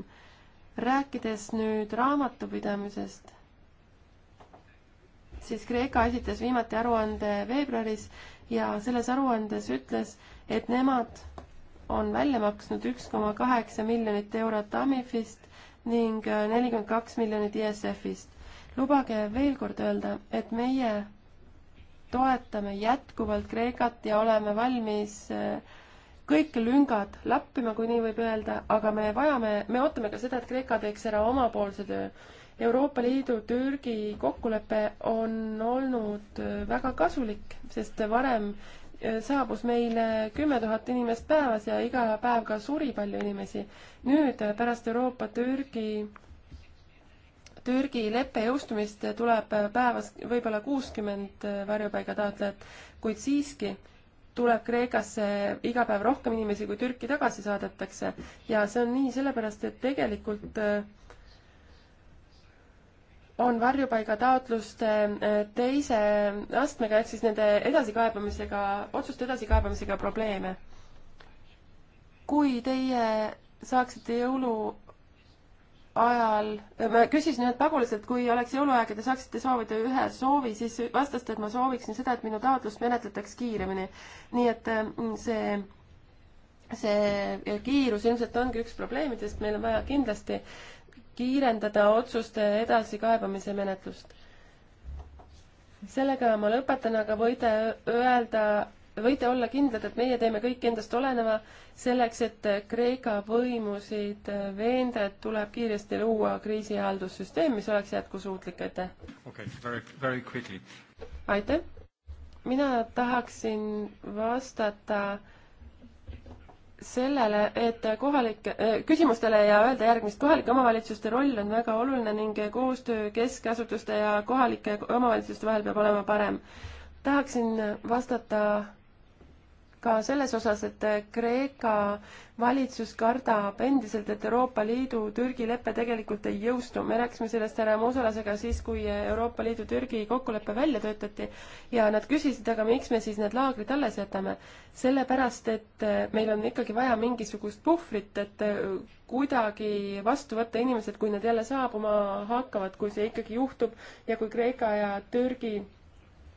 rääkides nüüd raamatupidamisest, siis Kreeka esitas viimati aruande veebruaris ja selles aruandes ütles, et nemad on välja maksnud üks koma kaheksa miljonit eurot Amifist ning äh, nelikümmend kaks miljonit ISF-ist. lubage veel kord öelda, et meie toetame jätkuvalt Kreekat ja oleme valmis äh, kõik lüngad lappima, kui nii võib öelda, aga me vajame, me ootame ka seda, et Kreeka teeks ära omapoolse töö. Euroopa Liidu Türgi kokkulepe on olnud äh, väga kasulik, sest varem saabus meile kümme tuhat inimest päevas ja iga päev ka suri palju inimesi. nüüd pärast Euroopa-Türgi, Türgi leppe jõustumist tuleb päevas võib-olla kuuskümmend varjupaigataotlejat, kuid siiski tuleb Kreekasse iga päev rohkem inimesi, kui Türki tagasi saadetakse ja see on nii sellepärast, et tegelikult äh, on varjupaigataotluste äh, teise astmega ehk siis nende edasikaebamisega, otsuste edasikaebamisega probleeme. kui teie saaksite jõulu ajal, äh, ma küsisin ühelt pagulaselt, kui oleks jõuluaeg ja te saaksite soovida ühe soovi, siis vastas ta, et ma sooviksin seda, et minu taotlust menetletaks kiiremini. nii et äh, see, see kiirus ilmselt ongi üks probleemidest, meil on vaja kindlasti äh, kiirendada otsuste edasikaebamise menetlust. sellega ma lõpetan, aga võite öelda, võite olla kindlad, et meie teeme kõik endast oleneva selleks, et Kreeka võimusid veenda, et tuleb kiiresti luua kriisihaldussüsteem, mis oleks jätkusuutlik, aitäh okay,! aitäh! mina tahaksin vastata äh, sellele, et kohalike, äh, küsimustele ja öelda järgmist, kohalike omavalitsuste roll on väga oluline ning koostöö keskasutuste ja kohalike omavalitsuste vahel peab olema parem. tahaksin vastata ka selles osas, et Kreeka valitsus kardab endiselt, et Euroopa Liidu Türgi lepe tegelikult ei jõustu. me rääkisime sellest härra Musulasega siis, kui Euroopa Liidu Türgi kokkulepe välja töötati ja nad küsisid, aga miks me siis need laagrid alles jätame. sellepärast, et meil on ikkagi vaja mingisugust puhvrit, et kuidagi vastu võtta inimesed, kui nad jälle saabuma hakkavad, kui see ikkagi juhtub ja kui Kreeka ja Türgi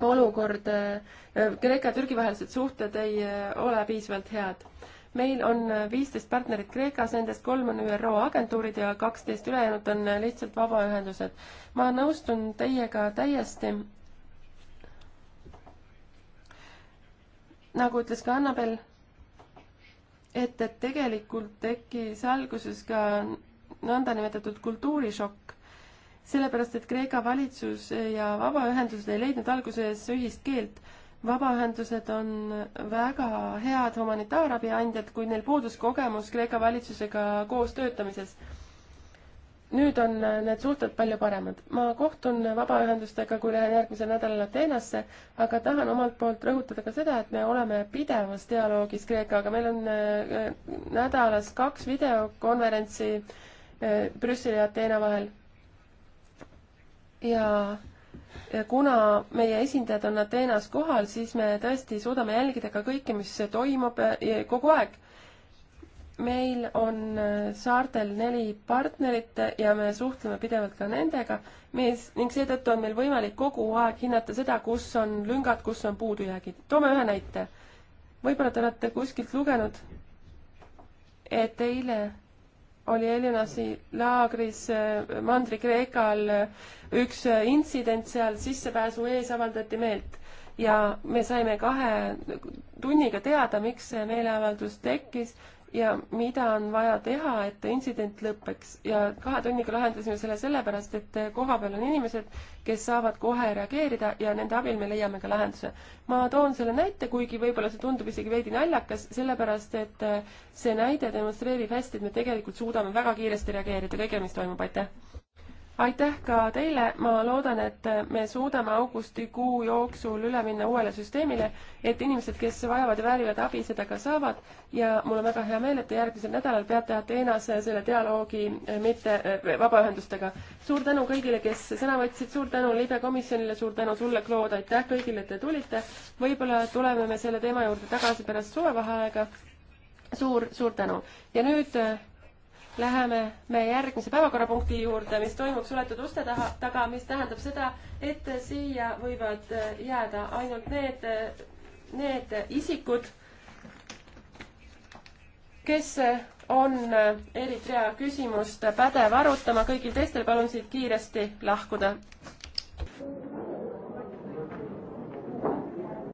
olukord, äh, Kreeka ja Türgi vahelised suhted ei äh, ole piisavalt head. meil on äh, viisteist partnerit Kreekas, nendest kolm on ÜRO agentuurid ja kaksteist ülejäänut on lihtsalt vabaühendused. ma nõustun teiega täiesti. nagu ütles ka Annabel, et, et tegelikult tekkis alguses ka nõndanimetatud kultuurishokk sellepärast et Kreeka valitsus ja vabaühendused ei leidnud alguses ühist keelt. vabaühendused on väga head humanitaarabi andjad, kuid neil puudus kogemus Kreeka valitsusega koos töötamises. nüüd on need suhted palju paremad. ma kohtun vabaühendustega, kui lähen järgmisel nädalal Ateenasse, aga tahan omalt poolt rõhutada ka seda, et me oleme pidevas dialoogis Kreekaga, meil on äh, nädalas kaks videokonverentsi äh, Brüsseli ja Ateena vahel ja ja kuna meie esindajad on Ateenas kohal, siis me tõesti suudame jälgida ka kõike, mis toimub kogu aeg. meil on äh, saartel neli partnerit ja me suhtleme pidevalt ka nendega, mis ning seetõttu on meil võimalik kogu aeg hinnata seda, kus on lüngad, kus on puudujäägid. toome ühe näite. võib-olla te olete kuskilt lugenud, et eile oli Elinasi laagris eh, Mandri-Kreekal eh, üks eh, intsident seal, sissepääsu ees avaldati meelt ja me saime kahe tunniga teada, miks see meeleavaldus tekkis ja mida on vaja teha, et intsident lõpeks ja kahe tunniga lahendasime selle sellepärast, et kohapeal on inimesed, kes saavad kohe reageerida ja nende abil me leiame ka lahenduse. ma toon selle näite, kuigi võib-olla see tundub isegi veidi naljakas, sellepärast et see näide demonstreerib hästi, et me tegelikult suudame väga kiiresti reageerida kõigele, mis toimub, aitäh! aitäh ka teile, ma loodan, et me suudame augustikuu jooksul üle minna uuele süsteemile, et inimesed, kes vajavad ja väärivad abi, seda ka saavad ja mul on väga hea meel, et te järgmisel nädalal peate Ateenas selle dialoogi mitte, eh, vabaühendustega. suur tänu kõigile, kes sõna võtsid, suur tänu Liibe komisjonile, suur tänu sulle, Claude, aitäh kõigile, et te tulite. võib-olla tuleme me selle teema juurde tagasi pärast suvevaheaega. suur, suur tänu ja nüüd eh, läheme me järgmise päevakorrapunkti juurde, mis toimub suletud uste taha, taga, mis tähendab seda, et siia võivad äh, jääda ainult need, äh, need isikud, kes äh, on Eritrea küsimust pädev arutama, kõigil teistel palun siit kiiresti lahkuda.